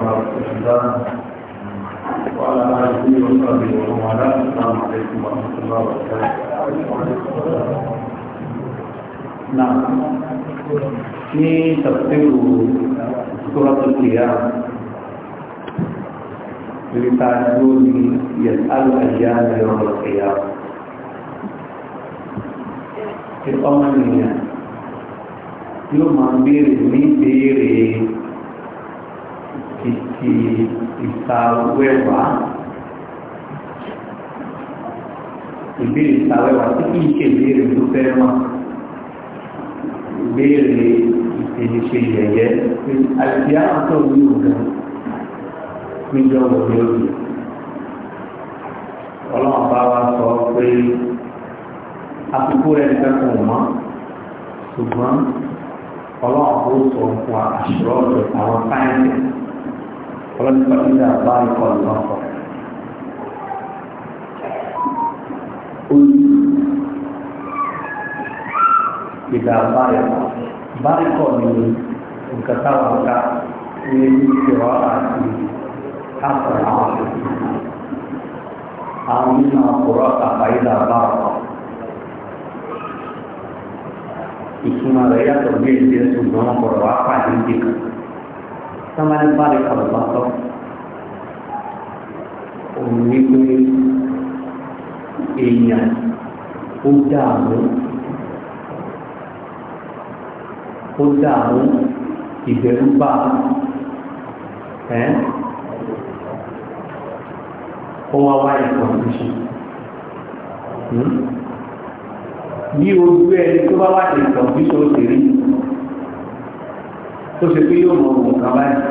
Nah, ini tertentu surat setia cerita itu di yang alu aja dari orang setia. Itu itu mampir, mimpirin, àti ìsàwẹ́wà ìbéèrè ìsàwẹ́wà tí kìí ṣe ìbéèrè tó fẹ́ wọn ìbéèrè ìṣèṣe yẹ̀yẹ́ àti àtọ̀ ní òun níjọ́ wọ̀ ní òbí ọlọ́run bá wa sọ pé àkókò rẹ̀ ń fẹ́ fún un ṣùgbọ́n ọlọ́run ó sọ fún àṣírọ́ ọ̀dọ̀ àwọn sáyẹ́ǹsì ọlọ́dún pàṣẹ àbá ikọ̀ ọ̀nà ọkọ̀ ìdá báyọ̀ báyọ̀ ni nǹkan táwọn ká ní ìṣòro àti àpẹẹrẹ àwọn àwọn nínú àkùrọ̀ àbáyídà báyọ̀ ìtumọ̀ rẹ̀ yàtọ̀ bí èdè ṣùgbọ́n ọkọ̀ rẹ̀ wá pàdé nìkan sábàá bá lè kọ̀ bá tọ́ òun ní pé èèyàn ó dààmú ó dààmú ìbẹ̀rù bá ẹ́ ó wá wá ìkọ̀ǹdíṣì bí ojú ẹni tó bá wá ìkọ̀ǹdíṣì ó ti rí tó ṣe pé yóò mọ ohun kan báyìí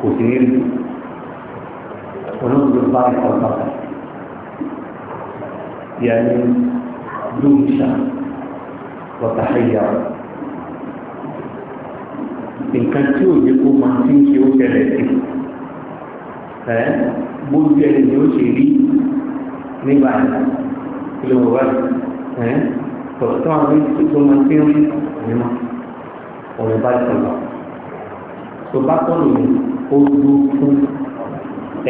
kò sí ní rí olóògbé bá ẹ̀kọ́ bàbá yẹnu lóòṣà wọ́tàhẹ́yà nǹkan tí ò yẹ kó máa ti ń ṣe ó ṣẹlẹ̀ sí ẹ bójú ẹni ni ó ṣe rí nígbà ìlú wa ẹ tọ̀tọ̀ àwọn ìṣòro ti ń rí ìmọ̀ ọ̀rẹ́ tó bá tọ́lù yẹn ó dúró fún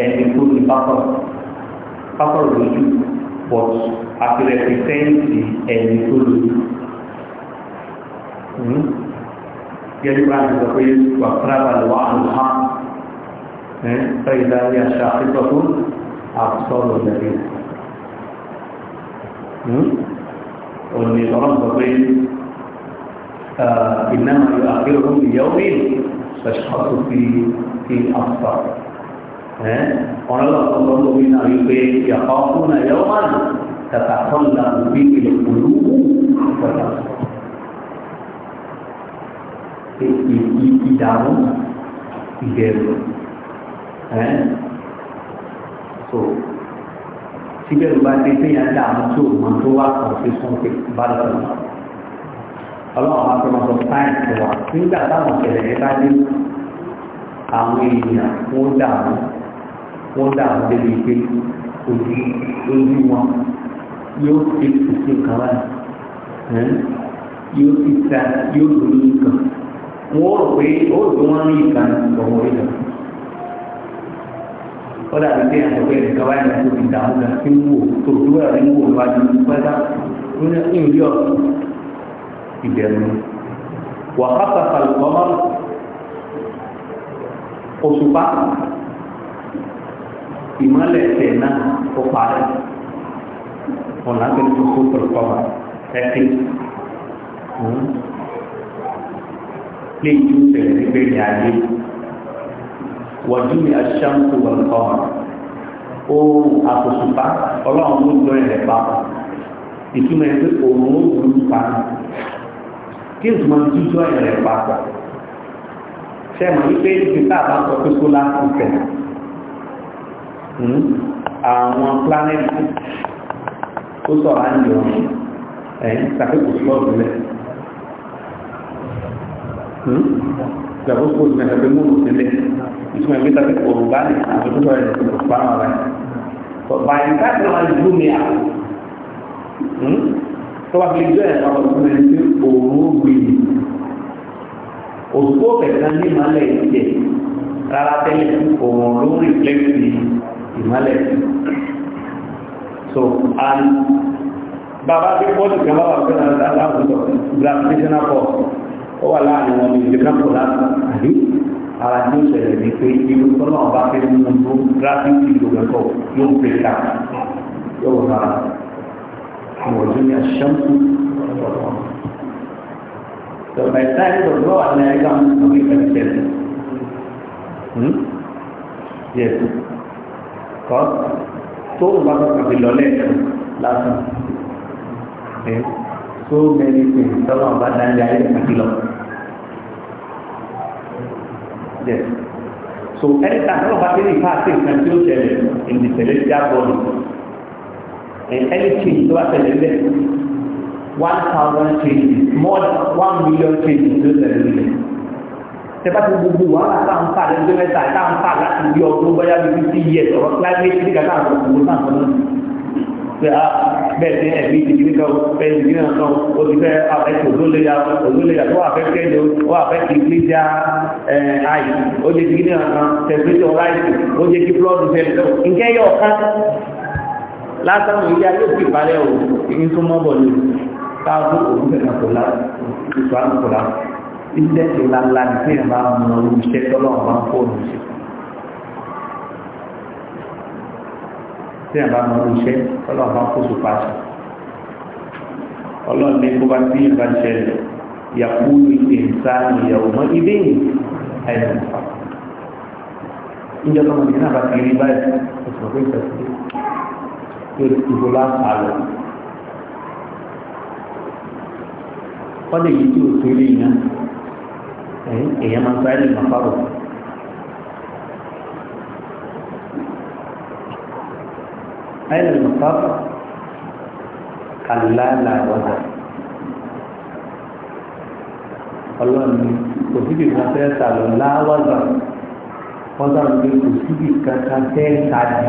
ẹni tó ní pápọ̀rọ̀ pápọ̀rọ̀ lójú but àti rẹpẹsẹ́ǹtì ẹni tó lójú. Gẹ́gẹ́ hmm? bá ti sọ pé wà fúnra lọ àlùhá fẹ́ ìdárí àṣà àfihàn fún àtúntọ́lù lẹ́yìn. Hmm? Òní ọlọ́run sọ pé ìnáwó àgbẹ̀rún ìyàwó yìí تشخص في في أبصار قال الله صلى الله عليه وسلم يخافون يوما تتقلب فيه القلوب والأبصار ìdààmú ìbẹ̀rù so síbẹ̀rù bá dé pé yàn dààmú tó mọ̀ tó wà kàn sí sún pé bá lọ́wọ́ ọlọ́run máa fẹ́ máa sọ sáyẹ̀nsì wa nígbà táwọn ìṣẹ̀lẹ̀ yẹn bá dé àwọn èèyàn wọ́n dààmú wọ́n dààmú débi pé ojú ojú wọn yóò ṣe ìṣe kan báyìí yóò ti ta yóò lórí nǹkan wọ́n rò pé ó lò wọ́n rí nǹkan ọ̀wọ́ ìlà ó dàbí pé àwọn ọ̀gbẹ́ nìkan báyìí lọ́wọ́ ti dààmú gan tí ń wò tó dúró ẹ̀rí ń wò wájú pátá ó ní ìrírí ọ̀sán ìbẹ̀rù wàhásà fàlùkọ́mọ́ òṣùpá ìmọ̀lẹ̀ tẹ̀ náà ó parẹ́ ọ̀nà tó tó kó fàlùkọ́mọ́ ẹ̀kí lè ju tẹ̀lé nígbẹ́ ní ayé wọ́dúnmí aṣáǹkù wọ̀lùkọ́mọ́ ó àtòṣùpá ọlọ́run ló jọ ilẹ̀ pa kí n mọ dúdú ọ̀yàn rẹ̀ papọ̀ ṣe mọ̀ wípé ìpínlẹ̀ àbá sọ pé solar system hmm, àwọn planet ó sọ̀rọ̀ àǹdí ọ̀hún ẹ̀yìn sàkékòó lọ́ọ̀dù lẹ̀ ìgbàgbọ́ kó ní ẹgbẹ́ múlò sílẹ̀ ìtumọ̀ ẹgbẹ́ tàbí òrùn bá ní àwọn tó sọ̀rọ̀ ẹ̀sìn kò fáwọn hmm, rẹ̀. bàyìí ká ti wọn dúró ní à tọ́wọ́ fi jẹ́ ẹ̀ka ọ̀sùn rẹ̀ sí òórùn gbìn e. òṣùpọ̀ kẹta ní ìmọ̀lẹ̀ ìjẹ́ rárá tẹ́lẹ̀ òórùn ló ń rìflẹ́kì ìmọ̀lẹ̀ so and bàbá tí bọ́ọ̀lù kan bá wà fún ẹ̀rọ aláàbùsọ̀ gravitational force ó wà láàrin wọn ní ìdíkàpọ̀ láti àbí ara tí ó ṣẹlẹ̀ ní pé irú tọ́lọ́ ọba fẹ́ mú un وجمع الشمس لما يتعرف الروع أن يرجع من الطريق الثاني يس कॉस तो वापस कभी लोले लासन तो मेरी से सब आवाज आ जाएगा kilo yes so any time of activity passes continuously in the celestial body ẹni change to bá tẹ̀lé bẹ́ẹ̀ one thousand changes more than one million changes to tẹ̀lé bẹ́ẹ̀ tẹ́fà tó gbogbo wàhálà táwọn fà lẹ́gbẹ́ mẹ́ta táwọn fà láti bí ọdún bóyá bí fifty years ọ̀rọ̀ climate change kàtà àwọn gbogbo náà tó náà pé a ah, bẹ́ẹ̀ ní ẹ̀mí ìdílé kan fẹ́ ìdílé náà kan ó ti fẹ́ ẹ̀sùn òdóléyà òdóléyà tó wà fẹ́ kẹ́lẹ̀ ó wà fẹ́ kí ilé já àì ó jẹ́ ìdílé náà kan tẹ̀síwájú ọ̀ráìsì ó jẹ́ kí flọ́ọ̀dù fẹ́lẹ̀ látàwọn ilé ayé òkè parẹ́ o èyí tó mọ́ bọ̀ ní káàkó òun fẹ̀rẹ̀ kò lá ìṣọ́ àrùn kò lá ilé tó lálá ní pé ìyàbá mọ iṣẹ́ tọ́lọ́ máa ń fóònù sí tí ìyàbá mọ iṣẹ́ tọ́lọ́ máa fóònù pàṣẹ ọlọ́run ìjọba mọ̀ nígbà bá ti rí báyìí ó pé ìfẹ́ pé ìbò láǹfà lọ. kọ́lé yìí tí o torí iná èèyàn máa ń sáré lè máa fà wọ̀. أين المطر؟ كلا لا وزر ọlọ́run ni kò síbi kan fẹ́ ta lọ láwọ́zà wọ́n sáré pé kò síbi kankan fẹ́ ta jù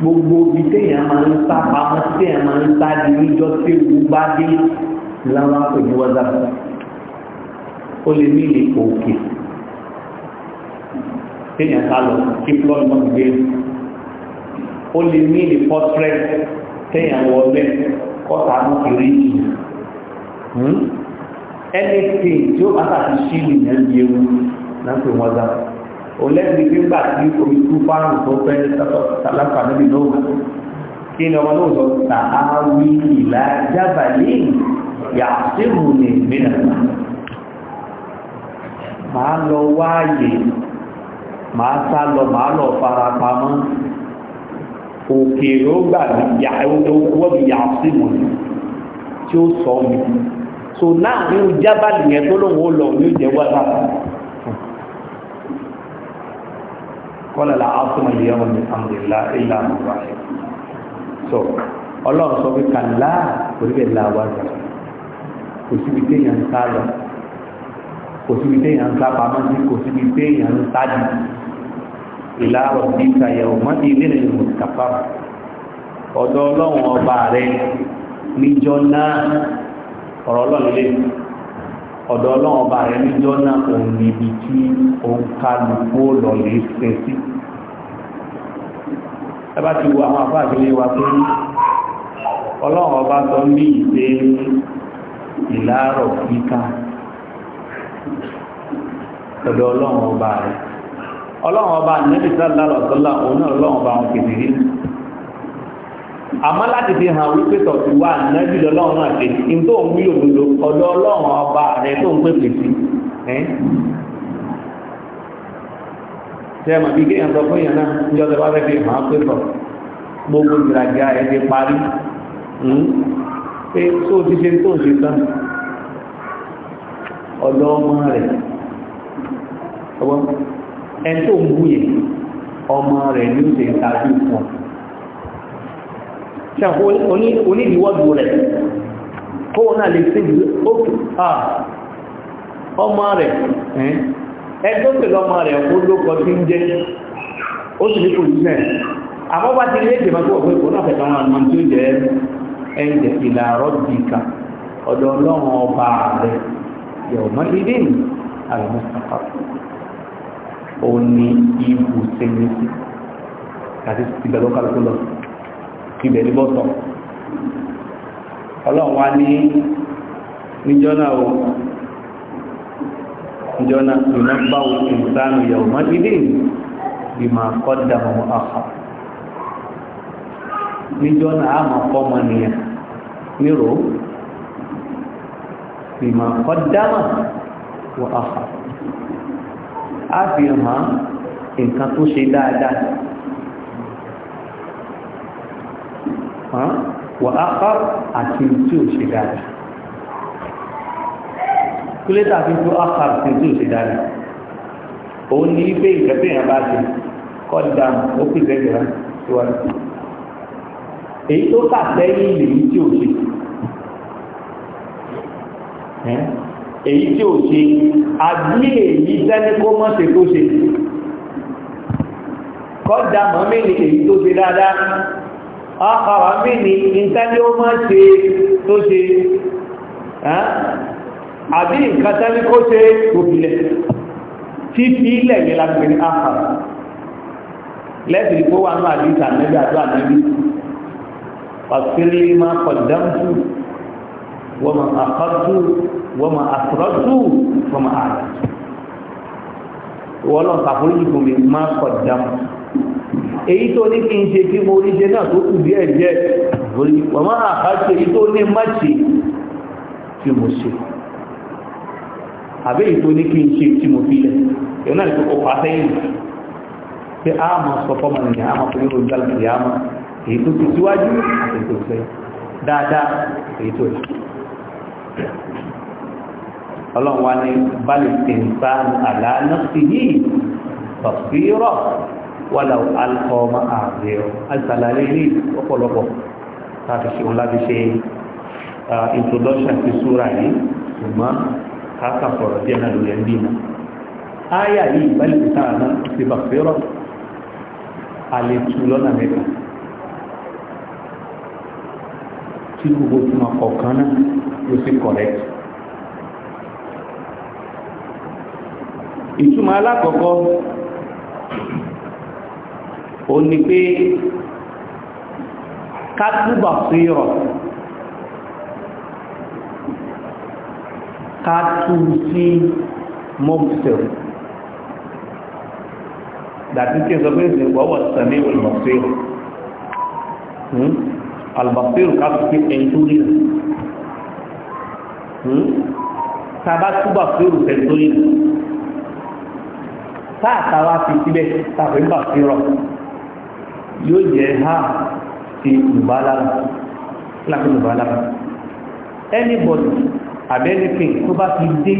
gbogbo ibi téèyàn máa ń sá pamọ́ téèyàn máa ń sá di níjọ́ tí ewu bá dé láwọn pè ní whatsapp ó lè ní ilé òkè téèyàn sá lọ kí floyd mọ́ gbé ó lè ní ilé portrait téèyàn wọlé kọ́ta mọ́ kiri yìí anything tí ó bá tàbí sí ìyẹn yẹwu láti whatsapp olẹ́bi nígbà tí omi tú fáàrùn tó fẹ́ sálápà níbi lóòwà kí ni ọmọ lóòsọ tààwí ìlà jábàlì yàtìmù ní mìíràn máa lọ wáyé máa sá lọ máa lọ fara pamọ́ òkèèrè ó gbà wọ́bi yàtìmù tí ó sọ mi so náà ní jábàlì yẹn tó lóun ó lọ ní ìjẹ́wọ́ wọ́n lọ́la ásùnmọ̀ ìyá wọn ní amúlélá ilá àmúwá ẹ̀ so ọlọ́run sọ pé kàlá orílẹ̀ èdè làwọn àgbà kò síbi téèyàn ń sá lọ kò síbi téèyàn ń sá pamọ́ sí kò síbi téèyàn ń sá jù ìlà ọ̀dí ìsàyẹ̀wò mọ́ ilé ìlú mùsùlùmí ọ̀dọ̀ ọlọ́run ọba rẹ níjọ náà ọ̀rọ̀ ọlọ́run lé ọ̀dọ̀ ọlọ́run ọba rẹ níjọ́ náà òun níbi tí òun kálukú lọ́lẹ̀ ṣe sí ẹ bá ti wo àwọn àfáà ìṣẹ̀lẹ̀ wa pé ọlọ́run ọba sọ ní ìṣe ìlàárọ̀ kíkà ọ̀dọ̀ ọlọ́run ọba rẹ ọlọ́run ọba nẹ́bí sálálọ̀ sọ́lá òun náà ọlọ́run ọba àwọn kèfèrè àmọ́ láti fi hàn wípé tọ̀tù wà nájú lọ́lọ́run náà ṣe ní tó ń wílò gbogbo ọ̀dọ̀ ọlọ́run ọba rẹ̀ tó ń pèpè sí ṣe mọ̀ bí kéèyàn sọ fún èèyàn náà ní ọjọ́ bá fẹ́ fi hàn pé tọ̀ gbogbo ìrìnàjò ẹ̀ ti parí pé tó ti ṣe tó ń ṣe tán ọ̀dọ̀ ọmọ rẹ̀ ẹni tó ń bú ọmọ rẹ̀ ní ó ṣe ń tajú fún ọ ṣe onídìíwọ́dù rẹ̀ kó wọ́n náà lè sí ìlú ókè ọmọ rẹ̀ ẹgbẹ́ pẹ̀lú ọmọ rẹ̀ ó lókọ tí ń jẹ́ ó sì ní pòlìsẹ̀ àbọ́bá ti lé ìgbèmọ̀ tó wọ́pẹ́ ìkóná fẹ̀tà wọn àmà tí ó jẹ́ ẹ̀jẹ̀ ìlàrọ̀ dìkà ọ̀dọ̀ ọlọ́run ọba rẹ̀ yọ̀mọ́ ilé ìlú àlùmọ́sàkà ó ní ibùsẹ̀ méjì àti ìgbàlọ́kàlùkù lọ́sùn ibẹ̀ ní bọ́tọ̀ ọlọ́run wá ní níjọ́nà o níjọ́nà ìrìnà bá o ìrìnsánu yẹ̀wò mọ́dídé bí máa kọ́ dàmọ́ ọ̀họ̀ níjọ́nà á máa kọ́ mọ́ nìyẹn nírò bí máa kọ́ dámọ́ ọ̀họ̀ á fi hàn nǹkan tó ṣe dáadáa wà á kọ́ àti tí ò ṣe dáadáa kúlẹ́tà fi tó ákàrù sí tí ò ṣe dáadáa òun ní pé ìgbẹ́pẹ́ yẹn bá ṣe kọ́ dáàmù ó pè sẹ́yìn rẹ̀ síwájú èyí tó kà sẹ́yìn lèyí tí ò ṣe èyí tí ò ṣe àbí èyí sẹ́ni kó mọ́ ṣe tó ṣe kọ́ dáàmù mí ni èyí tó ṣe dáadáa ọkọ̀rọ̀ mí ní nǹkan tí ó máa ṣe tó ṣe àbí nǹkan tẹ́lẹ̀ kó ṣe òfilẹ̀ tí fi ilẹ̀ yẹn lágbẹ̀ ní ọkọ̀rọ̀ lẹ́sìn kó wà ní àdíjà nẹ́bí àdó ànẹ́bí ọ̀sílẹ̀ máa kọ̀dámtù wọ́n máa àkọ́tù wọ́n máa àtúrọ́tù wọ́n máa àdá wọ́n lọ́n sàfúrú yìí mi máa kọ̀dámtù èyí tó ní kí n ṣe kí mo rí ṣe náà tó kù díẹ̀ díẹ̀ lórí wàmọ́ àkáṣe èyí tó ní má ṣe tí mo ṣe àbẹ́ èyí tó ní kí n ṣe tí mo fi lẹ̀ náà tó kọpa pé a mọ̀ sọ a mọ̀ fún yóò lórí a èyí tó ti síwájú fẹ́ dáadáa èyí tó ṣe ọlọ́run wa wàlà alkọ ọmọ ààrẹ ọ àtàlàyé ní ọ̀pọ̀lọpọ̀ láti ṣe wọn láti ṣe introduction ti súra yìí ṣùgbọ́n káàkà sọ̀rọ̀ díẹ̀ náà lórí ẹ̀ndì mọ́ áyà yìí ìbálẹ̀ ìta àná ti bà fẹ́rọ̀ àlejò lọ́nà mẹ́ta tí gbogbo tí wọn kọ̀ọ̀kan náà ló sì correct ìtumọ̀ alákọ̀ọ́kọ́ ó ní pé kátúbà sírọ̀ kátú sí mọ́bùsẹ̀rù dàbí kí n sọ pé ìsìn wọ́wọ́ sẹ̀mí olùmọ̀sẹ̀rù albàsẹ̀rù kátú sí ẹ̀ńtúrí tàbá túbà sírù ẹ̀ńtúrí táàtàwá fi síbẹ̀ tàbí bà sírọ̀ yóò jẹ́ ha ti mùbálára láti mùbálára anybody abẹ́nifin tó bá fi dé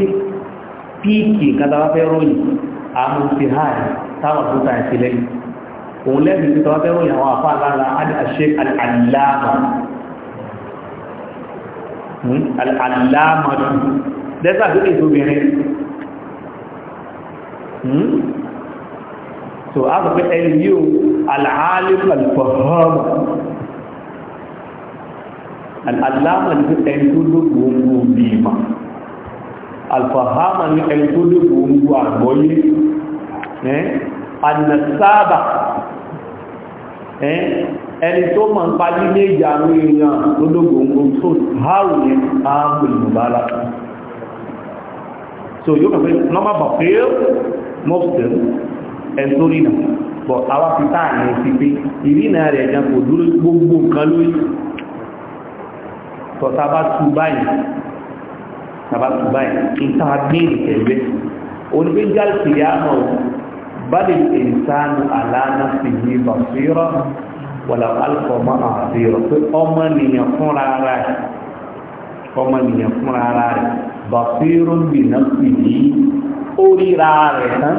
píìkì kátàwáfẹ́ ròyìn àmú ti ha táwọn tó tàà sí lẹ́yìn òun lẹ́yìn tí tàwáfẹ́ ròyìn àwọn àfáà lára aláṣẹ aláàmà aláàmà dẹ́sà tó lè tóbìnrin so a sọ pé ẹni yóò al'alim al-faham al'alama ni ẹni tó lóògùn oúnjẹ òbí ma alfahama ni ẹni tó lóògùn oúnjẹ àgbọ́yé anasaba ẹni tó mọ̀ ń parí ní èyí àwọn èèyàn tó lóògùn oúnjẹ tó hàrù ní ààbò ìmọ̀bára so yóò kàfẹ́ normal bafil mọ́fẹ́ ẹ̀ntorí náà bọ̀ àwa fi táà ní sí pé ìrìnà rẹ̀ gan kò dúró gbogbo nǹkan lórí tọ́ta bá tú báyìí tàbá tú báyìí ìta gbìn ẹ̀gbẹ́ onígbéjáde kìyàmọ̀ bali ìsánu àlànà sí ní bàfírọ̀ wàlà alfọ̀mọ́ àfírọ̀ pé ọmọ nìyàn fúnra rẹ̀ ọmọ bìnà sí yìí ó ríra rẹ̀ tán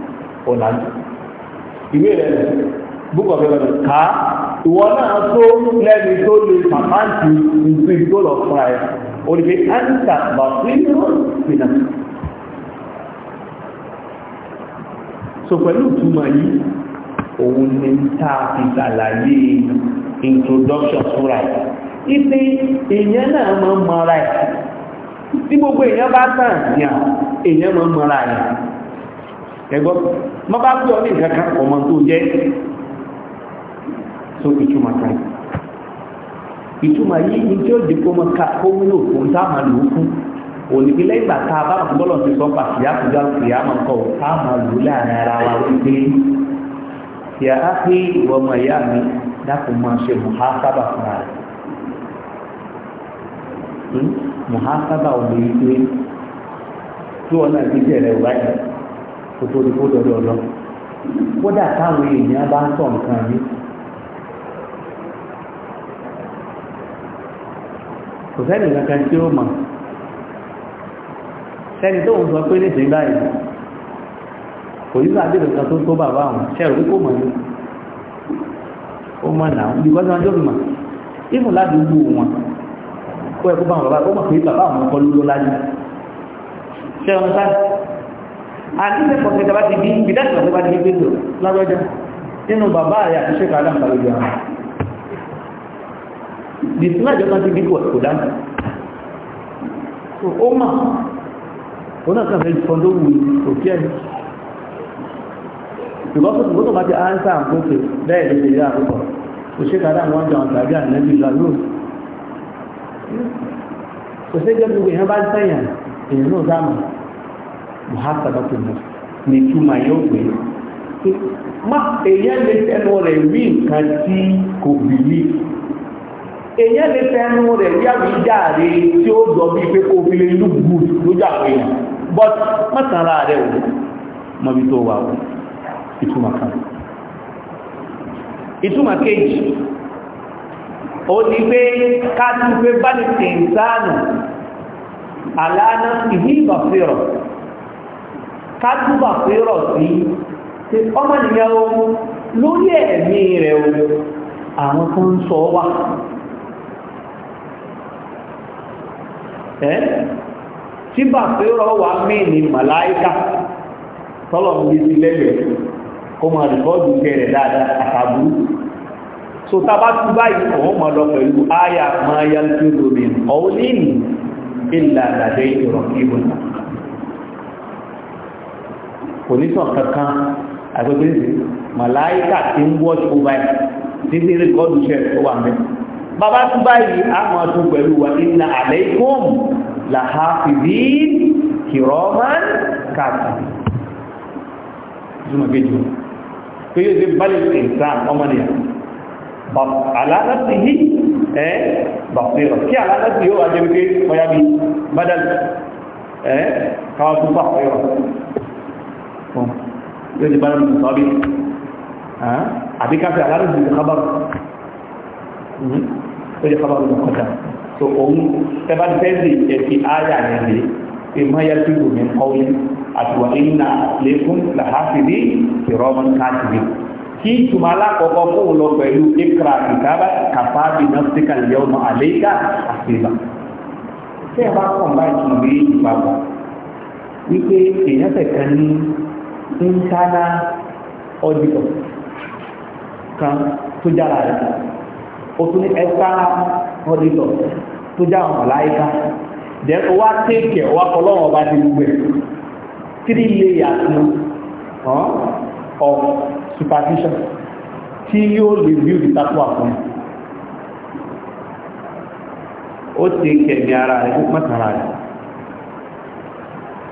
ọ̀làjú ìwé rẹ̀ búkọ̀ bẹ̀rẹ̀ rẹ̀ ká ìwọ náà tó lẹ́ni tó lè pàmáǹtì nǹkan tó lọ fúnra ẹ̀ olùgbé áńtà bàfínú ìpìnà so pẹ̀lú ìtumọ̀ yìí òun ni ń ta introduction fúnra ẹ̀ ipe èèyàn náà máa ń mọra ẹ̀ tí gbogbo èèyàn bá tàn yàn èèyàn máa ń mọra ẹ̀ ẹgbọ́ mọ́ bá pẹ́ ọdún ìkankan ọmọ tó jẹ́ so ìtumọ̀ kan ìtumọ̀ yìí ní tí ó di kó mọ́ ká kó wúlò fún táàmà lò ó fún òní lẹ́yìn ìgbà tá a bá fún bọ́lọ̀ ti sọ pa kìyà kúdà kìyà máa ń kọ́ táàmà lò láàrin ara wa wípé kìyà á pé ìwọ ọmọ ìyá mi dákun máa ṣe mùhásábà fúnra rẹ̀ mùhásábà hmm? ò lè ṣe tí wọn náà ti jẹ̀rẹ̀ wáyé kó tó di kó dọ̀dọ̀ lọ kódà táwọn èèyàn bá ń sọ nǹkan yìí kò sẹ́ni kankan tí ó mọ̀ sẹ́ni tó ń sọ pé nísìnyí báyìí kò ní sáà dìbò kan tó tó bàbá àwọn ṣẹ́rù pé kò mọ̀ ní ó mọ̀ náà bíkọ́ sí wọn tó fi mọ̀ ìfún ládùúgbò wọn kó ẹ̀kú bá wọn bàbá ó mọ̀ pé bàbá àwọn ọkọ̀ ló lọ́lájú ṣẹ́rù sáà àdíṣe pọ̀sẹ̀ tàbá ti bí ìdájọ́ tó bá ti gbé lò lágbẹ́jọ́ nínú bàbá rẹ̀ àti ṣe kàádà pàlójú àwọn ìsìnlájọ́ kan ti bí kò dáná ó mà ó náà kàn fẹ́ fọ́n tó wù òkè ẹ̀ ìgbọ́sọ̀ tó tó bá ti áńsà àkókò bẹ́ẹ̀ lè ṣe àkókò kò ṣe kàádà wọn gbogbo èèyàn bá ń sẹ́yìn èèyàn náà muhasabatu nafs ní túmọ̀ yóò pé má èyàn lè tẹnu rẹ̀ wí nǹkan tí kò bìlí èyàn lè tẹnu rẹ̀ bí àwíjàre tí ó dọ̀ bí pé kò fi lè look good lójú àwọn èèyàn but má tàn ara o wò mọ́bí tó wà wò ìtumọ̀ kan ìtumọ̀ kejì ó ní pé ká tún pé bá ní tẹ̀ǹtánù àlànà ìhìnbà fẹ́ràn kádùbà pé rọ̀ sí ọmọ nìyẹn o lórí ẹ̀mí rẹ̀ o àwọn tó ń sọ wà ẹ́ tí bàbá rọ̀ wà mí ní màláìkà tọ́lọ̀ ń gbèsè lẹ́gbẹ̀ẹ́ kó máa rìkọ́dù kẹrẹ̀ dáadáa àtàbù so tàbá tí báyìí ọ̀hún máa lọ pẹ̀lú àyà máa yá lórí ọ̀hún ní ìlànà ìrọ̀kí ìbùnà kò ní sàn kankan àgbẹ̀gbẹ̀ ní màláíkà tí ń wọ́ọ̀tì ọba ẹ̀ tí ń rí gọ́ọ̀dù ṣẹ̀ tó wà mẹ́. bàbá tún báyìí a máa tún pẹ̀lú wa inna alaykum lahafizin kiraman katibin. ìtumọ̀ kejì pé yóò ṣe balẹ̀ ìsàn ọmọnìyàn aláàtì yìí ẹ́ bàfẹ́rọ̀ fún yóò ti bára mú sọ́bí àbí káfẹ́ alárùsù ti kábàrù hmm? ó jẹ́ kábàrù mú kọjá so òun tẹ́bá tẹ́sì ẹ̀fì áyà rẹ̀ lè fi mọ́ yá tí òun kọ́ yẹn àtùwà ìnà lẹ́kún làhásìrí ìrọ́mọ́ káàkiri kí tùmọ̀ alákọ̀ọ́kọ́ fún òun lọ pẹ̀lú ikra kìtàbà kàfà bí nọ́síkà yọmọ àléékà àfihàn tẹ́ẹ̀ bá kọ̀ báyìí tùmọ̀ bí ìpapọ̀ wípé èèyàn tẹ̀kan ní internal auditor kan tó jára rẹ̀ o tún ní external auditor tó já àwọn ọ̀láyíká then o wá tẹ́kẹ̀ o wá kọ́ lọ́wọ́ ọba ti gbogbo ẹ̀ three layers ni of supervision tí yóò lè bí olùtakò àfọ̀n ó tẹ́kẹ̀ ní ara rẹ̀ ó pàtàkì ara rẹ̀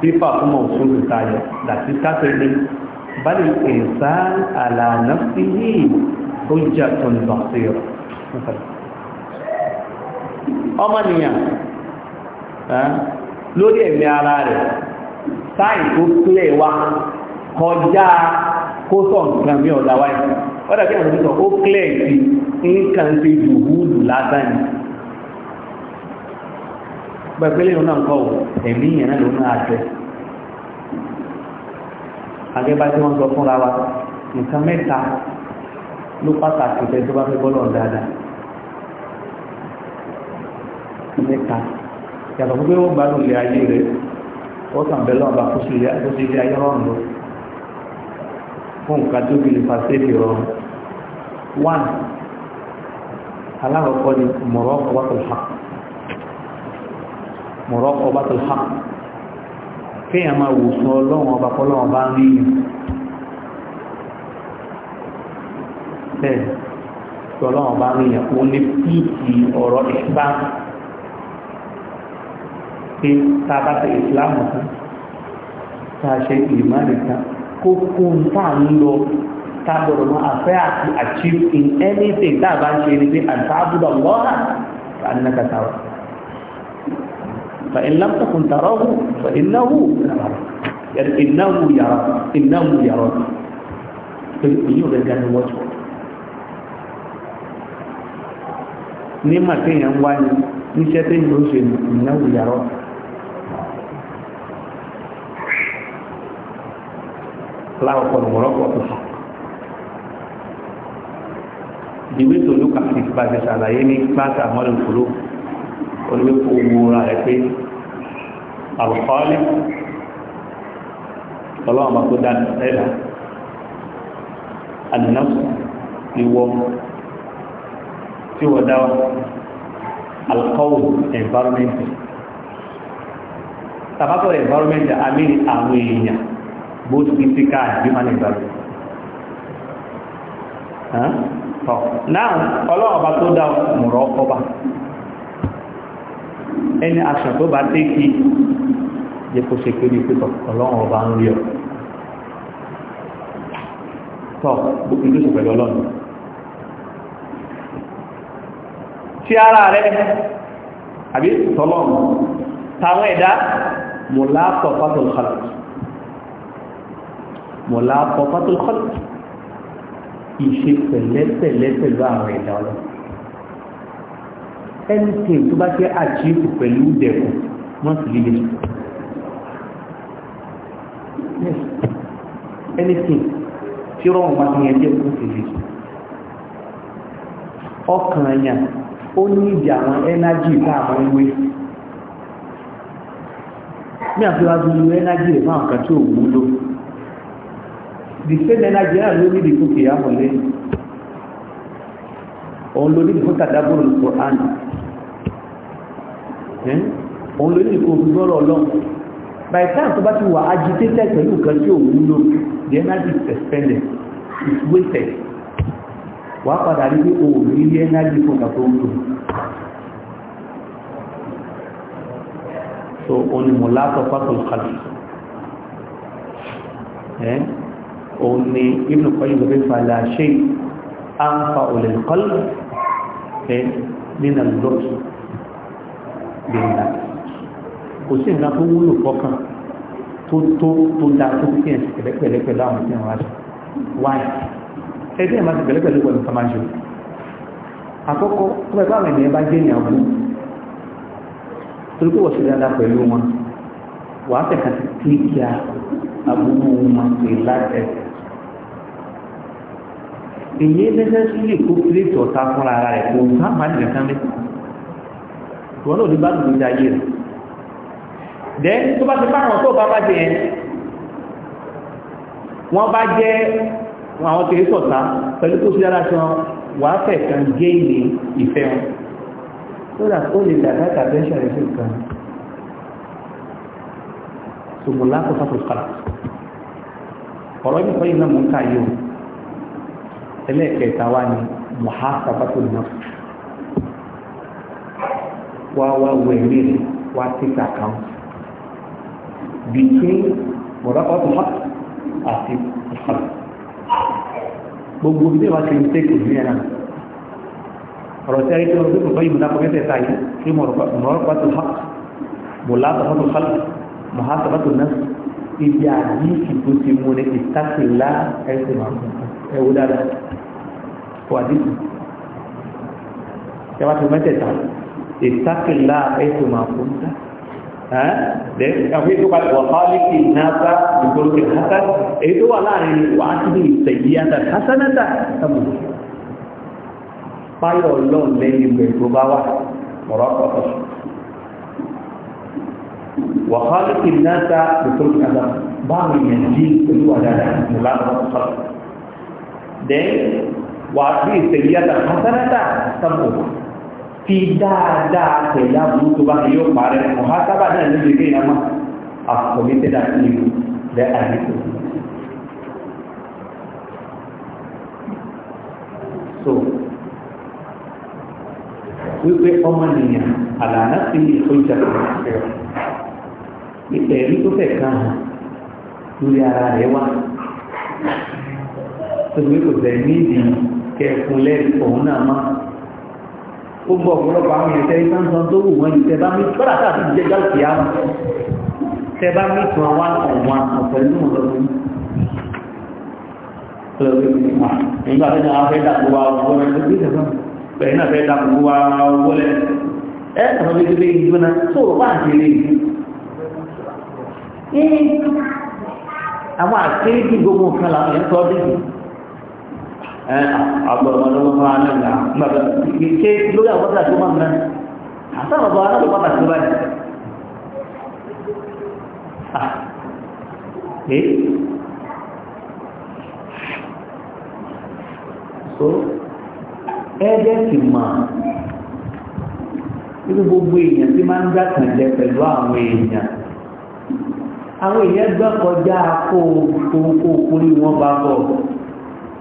sifa kuma usulun tayar da shi kafir din bal insan ala nafsihi hujjatun basir ọmọnìyàn lórí ẹ̀mí ara rẹ̀ sáì tó sílẹ̀ wa kọjá kó sọ nǹkan mí ọ̀dá wáyé ọ̀dá kí àwọn òṣìṣọ́ ó kílẹ̀ sí nǹkan ṣe dùhúdù lásán yìí gbẹ̀gbẹ̀lẹ̀ yóò náà kọ́ ẹ̀mí yẹn náà lóun náà jẹ́ agẹ́bá tí wọ́n sọ fúnra wa nǹkan mẹ́ta ló pàtàkì fẹ́ tó bá fẹ́ bọ́lọ̀ dáadáa mẹ́ta yàtọ̀ fún pé ó gbádùn ilé ayé rẹ̀ ó kàn bẹ́ẹ̀ lọ́wọ́ bá kó sí ilé ayé rọrùn lọ fún nǹkan tó fi lè rọrùn one alákọ̀ọ́kọ́ ni mọ̀rọ́ ọkọ̀ wákòó muraqabatul haqq kéèyàn máa wò sọ ọlọ́run ọba kọ́lọ́run bá ń rí yìí bẹ́ẹ̀ tí ọlọ́run bá ń rí yàn ó lé píìtì ọ̀rọ̀ ìgbà pé tá a bá ṣe ìsìláàmù tán tá a ṣe ìmánì tán kókó ń tà ń lọ tá a gbọ́dọ̀ àti achieve in anything tá ń ṣe ni pé àtàbùdọ̀ lọ́nà àdínàkàtà wa. فإن لم تكن تراه فإنه يرى إنه يرى إنه يرى فإنه يرى كان وجهه نما تين يوان نشاتين روشين إنه يرى لا أقول مرق وتحق جميل تلوك أحسن بعد سالة يمي بعد أمال الفلوك olùkọ́ wúra ẹ̀ pé àlùkọ́ọ́lì ọlọ́wọ́n bá tó dání ẹ̀dá àdínàfù ìwọ tí wọ́n dá alkọ́wù environment tàbátọ̀ environment àmì àwọn èèyàn both physical and human environment now ọlọ́wọ́n bá tó dá mọ̀rọ̀ ọkọ́ bá ẹni aṣọ tó bá tẹ́kì jẹ́ kó ṣe kéde pé ọlọ́run ọba ń rí ọ tọ́ gbogbo ìlú ṣe pẹ̀lú ọlọ́run tí ara rẹ àbí tọ́lọ́run táwọn ẹ̀dá mọ̀láàpọ̀ pátọ̀ kọlù mọ̀láàpọ̀ pátọ̀ kọlù ìṣe pẹ̀lẹ́pẹ̀lẹ́ àwọn ẹ̀dá ọlọ́run anything tó bá fẹ́ achieve pẹ̀lú dẹ̀kù wọ́n sì lè yes anything tí rọrùn bá yẹn jẹ́ fún sí lè ọkàn ní ìdí àwọn energy káàmọ́ ìwé ní àfihàn ju energy rẹ̀ fáwọn kan tí ò wúlò the same energy náà ló ní ìdí fún òun ló ní ìdí fún tàdábòrò Hmm? òun ló ní ìkòkòrò ọ̀rọ̀ ọlọ́run by time tó bá ti wà agitated pẹ̀lú nǹkan tí òun wúlò the energy is expended is wasted wàá padà rí pé òun ní ilé energy fún ọ̀gá tó wúlò so òun ni mo látọ̀ pátó kàlù eh? òun ni ibùdó kọ́yìn ló fi falẹ̀ àǹfà òlẹ̀ kọ́lù nínú àlùdọ́tù gbẹ̀yìnlá kò sí nǹkan tó wúlò fọkàn tó tó tó da tó fi hàn sí pẹ̀lẹ́pẹ̀lẹ́ àwọn tí wọ́n wáyé ẹgbẹ́ ẹ̀ máa ti pẹ̀lẹ́pẹ̀lẹ́ pẹ̀lú nǹkan máa àkọ́kọ́ tó bá ènìyàn bá dáadáa pẹ̀lú wọn kí a wọn pè láti èyí wọn náà lè bá lùlù ìjà ayé rẹ̀ dẹ́ tó bá ti fáwọn tó bá bá jẹ yẹn wọ́n bá jẹ́ àwọn tèrè sọ̀tá pẹ̀lú tó sí dára san wàá fẹ̀ kan géèmì ìfẹ́ wọn tó dà tó lè dàgbà tàbẹ́ṣà rẹ̀ sí nǹkan sùmùlá kò sáfò kàlà ọ̀rọ̀ yìí kọ́ náà mú ká yìí ẹlẹ́ẹ̀kẹta wá ní mọ̀hásàbátò náà wá wá wọ ẹ̀rí rẹ̀ wá take account between mọ̀dápá tó hàn àti ìfà gbogbo ilé wa ti ń tẹ́kù ní ẹ̀rọ ọ̀rọ̀ tí a yẹ kí wọ́n tó kọ̀ báyìí mọ̀dápá mẹ́tẹ̀ẹ̀ta yìí kí mọ̀dápá tó hàn mọ̀lápá tó hàn mọ̀hápá tó náà ibi àdíkì tó ti mú ní ìtàkìlá ẹsẹ̀ máa mú ẹwú dáadáa wà dídì ẹ wá ti mẹ́tẹ̀ẹ̀ta اتق الله ايتما كنت ها ده في ذكر وخالق الناس بكل حسن ايتو ولا ان واجب السيئات حسنات طب بايد الله لين بالغوا مراقبه وخالق الناس بكل حسن بعض من جيل كل ولا لا مصر ده واجب السيئات حسنات طب fi dáadáa tẹ̀lá burú tó bá fi yóò parẹ́ ọ̀há sábà náà ní ìgbé ìyàmá àkọ̀mítẹ́ náà sí ìlú lẹ́ àdíkò so wípé ọmọnìyàn àlànà sí ìfọ́jà ìtẹ̀rí tó fẹ̀ kan hàn lórí ara rẹ̀ wá tó wípé kò tẹ̀ nídìí kẹfún lẹ́rìí òun náà máa gbogbo ọ̀pọ̀lọpọ̀ àwọn ìrẹsẹ̀ ìsáǹsán tó wù wọ́n tẹ́bá mi kọ́lá tàbí jẹjọ́ ìyá wọn tẹ́bá mi tún wá ọ̀wọ́n pẹ̀lú ọ̀lọ́gbọ́n nígbà tí wọ́n fẹ́ dàgbò wa ọgbọ́n pẹ̀lú náà fẹ́ dàgbò wa ọgbọ́n lẹ́ ẹ́ tàbí bí kébé ìlú náà tó wà nílé àwọn àkérédì gbogbo nǹkan làwọn ẹ̀ ń sọ ọ́ àgbọ̀rọ̀ ọmọ anáà nà gbàgbà ṣe lórí àwọn ọ̀dà tó máa ń náà àtàwọn ọ̀dà anáà ló pàtàkì so ẹ̀ẹ́dẹ́ sì máa nínú gbogbo èèyàn tí máa ń dákàn jẹ pẹ̀lú àwọn èèyàn àwọn èèyàn gbọ́ kó kó kó kó ní wọ́n bá bọ̀.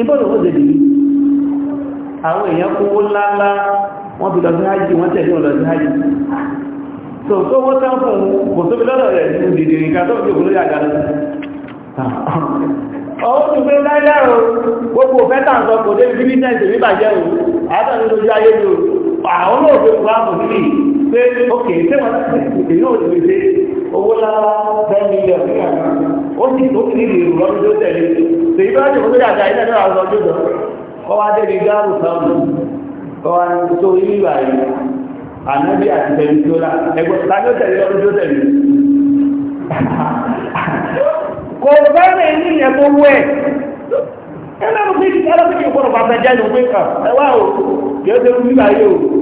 ìbọ̀lù ó dèdè yìí àwọn èèyàn kówó ńláńlá wọ́n fi lọ hajji wọ́n tẹ̀lé lọ hajji tó tó wọ́n tán fún kò tóbi lọ́dọ̀ rẹ̀ ní dèdè tó fi òkú lórí àga ọwọ́ tó gbé láìláà gbogbo òfẹ́ tàǹsọ kò débi bí bíjẹ́ǹsì owó lára ten million ní àná ó sì tó ti lè rú lọ́dún tó tẹ̀lé tèyí bá jòkó tó dàda ilé náà lọ tó dọ̀ kọ́ wá dé ní gáàrú sáàmù kọ́ wá tó ilé ìwà yìí ànábì àti tẹ̀lé tó la ẹgbẹ́ tàbí ó tẹ̀lé lọ́dún tó tẹ̀lé kò fẹ́rẹ̀ ní ìyẹn tó wú ẹ̀ ẹ náà ló fi kí ẹ lọ́ fi kí ìkọ̀rọ̀ bàbá jẹ́ ìlú pé kà ẹ wá o kì í ó ṣe wú nígbà yìí o.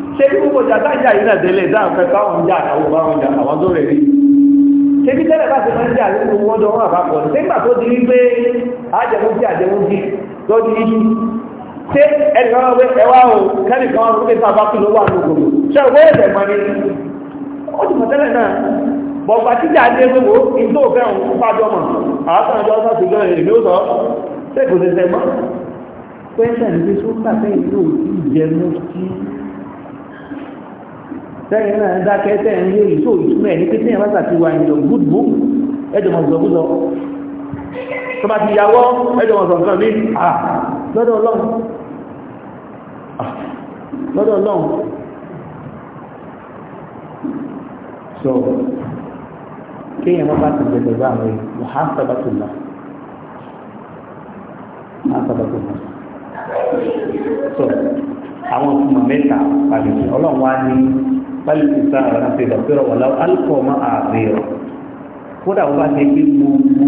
ṣe bí gbogbo ìjà tájà yìí náà tẹ́lẹ̀ dáhùn kẹta àwọn ìjà àwọn ọba àwọn ìjà àwọn tó rẹ̀ rí ṣe bí tẹ́lẹ̀ láti máa ń jà nínú wọn jọ wọn àpapọ̀ nígbà tó di wípé ajẹmújí ajẹmújí tó di iṣu ṣé ẹnìkan wọn pé ẹwà o kẹ́nìkan wọn pé sábà kí ló wà ní òkòrò ṣe òwe ẹ̀rẹ̀ mọ́ ni ó ti mọ̀ tẹ́lẹ̀ náà bọ̀gbà tíjà dé gbogbo ìjọ òfẹ́ òun pàjọ mọ̀ àwọn àjọ ọ̀sán ti gbọ́n èmi ó sọ ṣé kò ṣe ṣe mọ́ pẹ́ńtà ní pé sóńtà fẹ́ ìlú òkú sẹ́yìn náà dákẹ́ sẹ́yìn yóò yìí tó ìtumọ̀ ẹ̀ ní pé sẹ́yìn bàtà ti wà ìjọ good book ẹ̀jọ̀ mọ̀ zọ̀bùzọ̀ tó bá ti yàwọ́ ẹ̀jọ̀ mọ̀ zọ̀bùzọ̀ mi lọ́dọ̀ ọlọ́run lọ́dọ̀ ọlọ́run so kéèyàn bá bá ti bẹ̀rẹ̀ bá rẹ̀ mọ̀hásábàtúlá mọ̀hásábàtúlá so àwọn ọmọ mẹ́ta pàdé ọlọ́run wá ní bali ìsàn àwọn àti ìdọ̀tẹ́rọ̀ wọ̀lá alkọ̀ọ́mọ́ àríọ̀ kódà wọ́n bá ti gbé gbogbo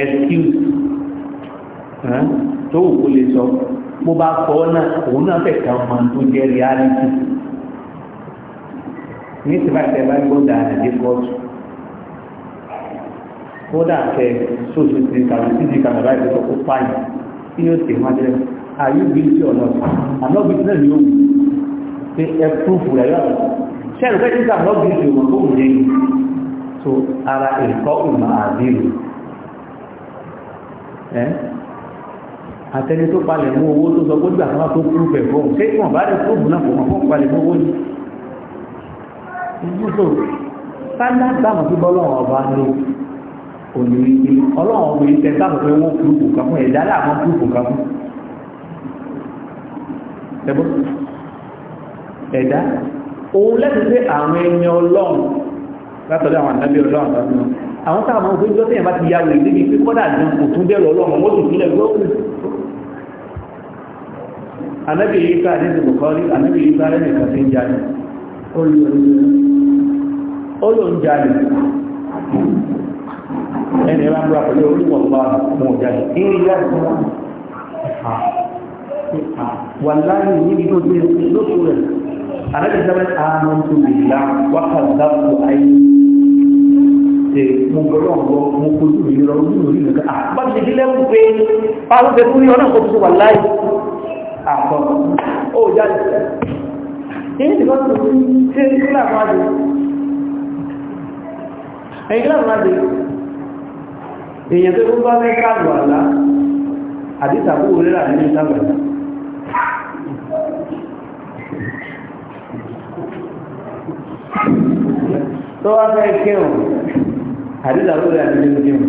excuse tó wù kó lè sọ mo bá kọ́ náà òun náà fẹ̀ kàn máa tó jẹ́ reality ní ìsìnbáyìí bá gbọ́ dáadáa dé kóòtù kódà kẹ sóòtù ti kàwé títí kàwé báyìí tó kó pààyàn kí ni ó sì máa jẹ àyùbí tí ọ̀nà àná bí tí náà ni ó pé ẹ̀púrúfù rẹ̀ lọ́nà ṣẹ́rù pé títà lọ́gbì ìṣòro tó wùdé so ara ẹ̀kọ́ ìmọ̀ àdéhùn ẹ́ àtẹni tó palẹ̀ mú owó tó sọ gbójú àtàwọn tó púrúfù ẹ̀ fún ṣé wọn bá rẹ̀ púrúfù náà fún wọn palẹ̀ mú owó yìí ìbúso sáńdà dáàmù tó bọ́lọ́wọ́ ọba ní òní wípé ọlọ́wọ́ ọba yìí tẹ́tà pé wọ́n púrúfù kan fún ẹ̀dá láàmú púrúfù kan fún ẹ̀bọ́n ẹ̀dá òun lẹ́sìn pé àwọn ẹni ọlọ́run látọ̀dọ̀ àwọn ànábì ọlọ́run tàbí àwọn táwọn ọmọ òfin jọ́sìn bá ti ya wèrè níbi pé kọ́dà gan kò tún bẹ̀rù ọlọ́run mọ́ tún sílẹ̀ lọ́wọ́ ànábì yìí ká ní ìsìnkú kọ́rí ànábì yìí ká lẹ́nu ìkàtí ń jalè olóò ń jalè ẹni ẹ̀rọ àbúrò àpẹẹrẹ olúmọ̀ àlejò sábẹ́ àánú tó lè la wákàtí dáàbò ayé ṣe mo gbọ́dọ̀ ń bọ́ mo kojú mi lọ ojú mi rí nìkan àbá ah, ti dílé mú pé pàrọ̀ pé fún yọ náà kò tó wà láì àbọ̀ ah, ó jáde èyí ti kọ́ tó ṣe kíláàmù àjò ẹ̀yìn kíláàmù àjò èèyàn tó bá fẹ́ káàdù àlá àdìsàkó orílẹ̀-èdè ní ìtàgbàdà tó wá fẹ́ kírun àdídà lórí àdídà lórí kírun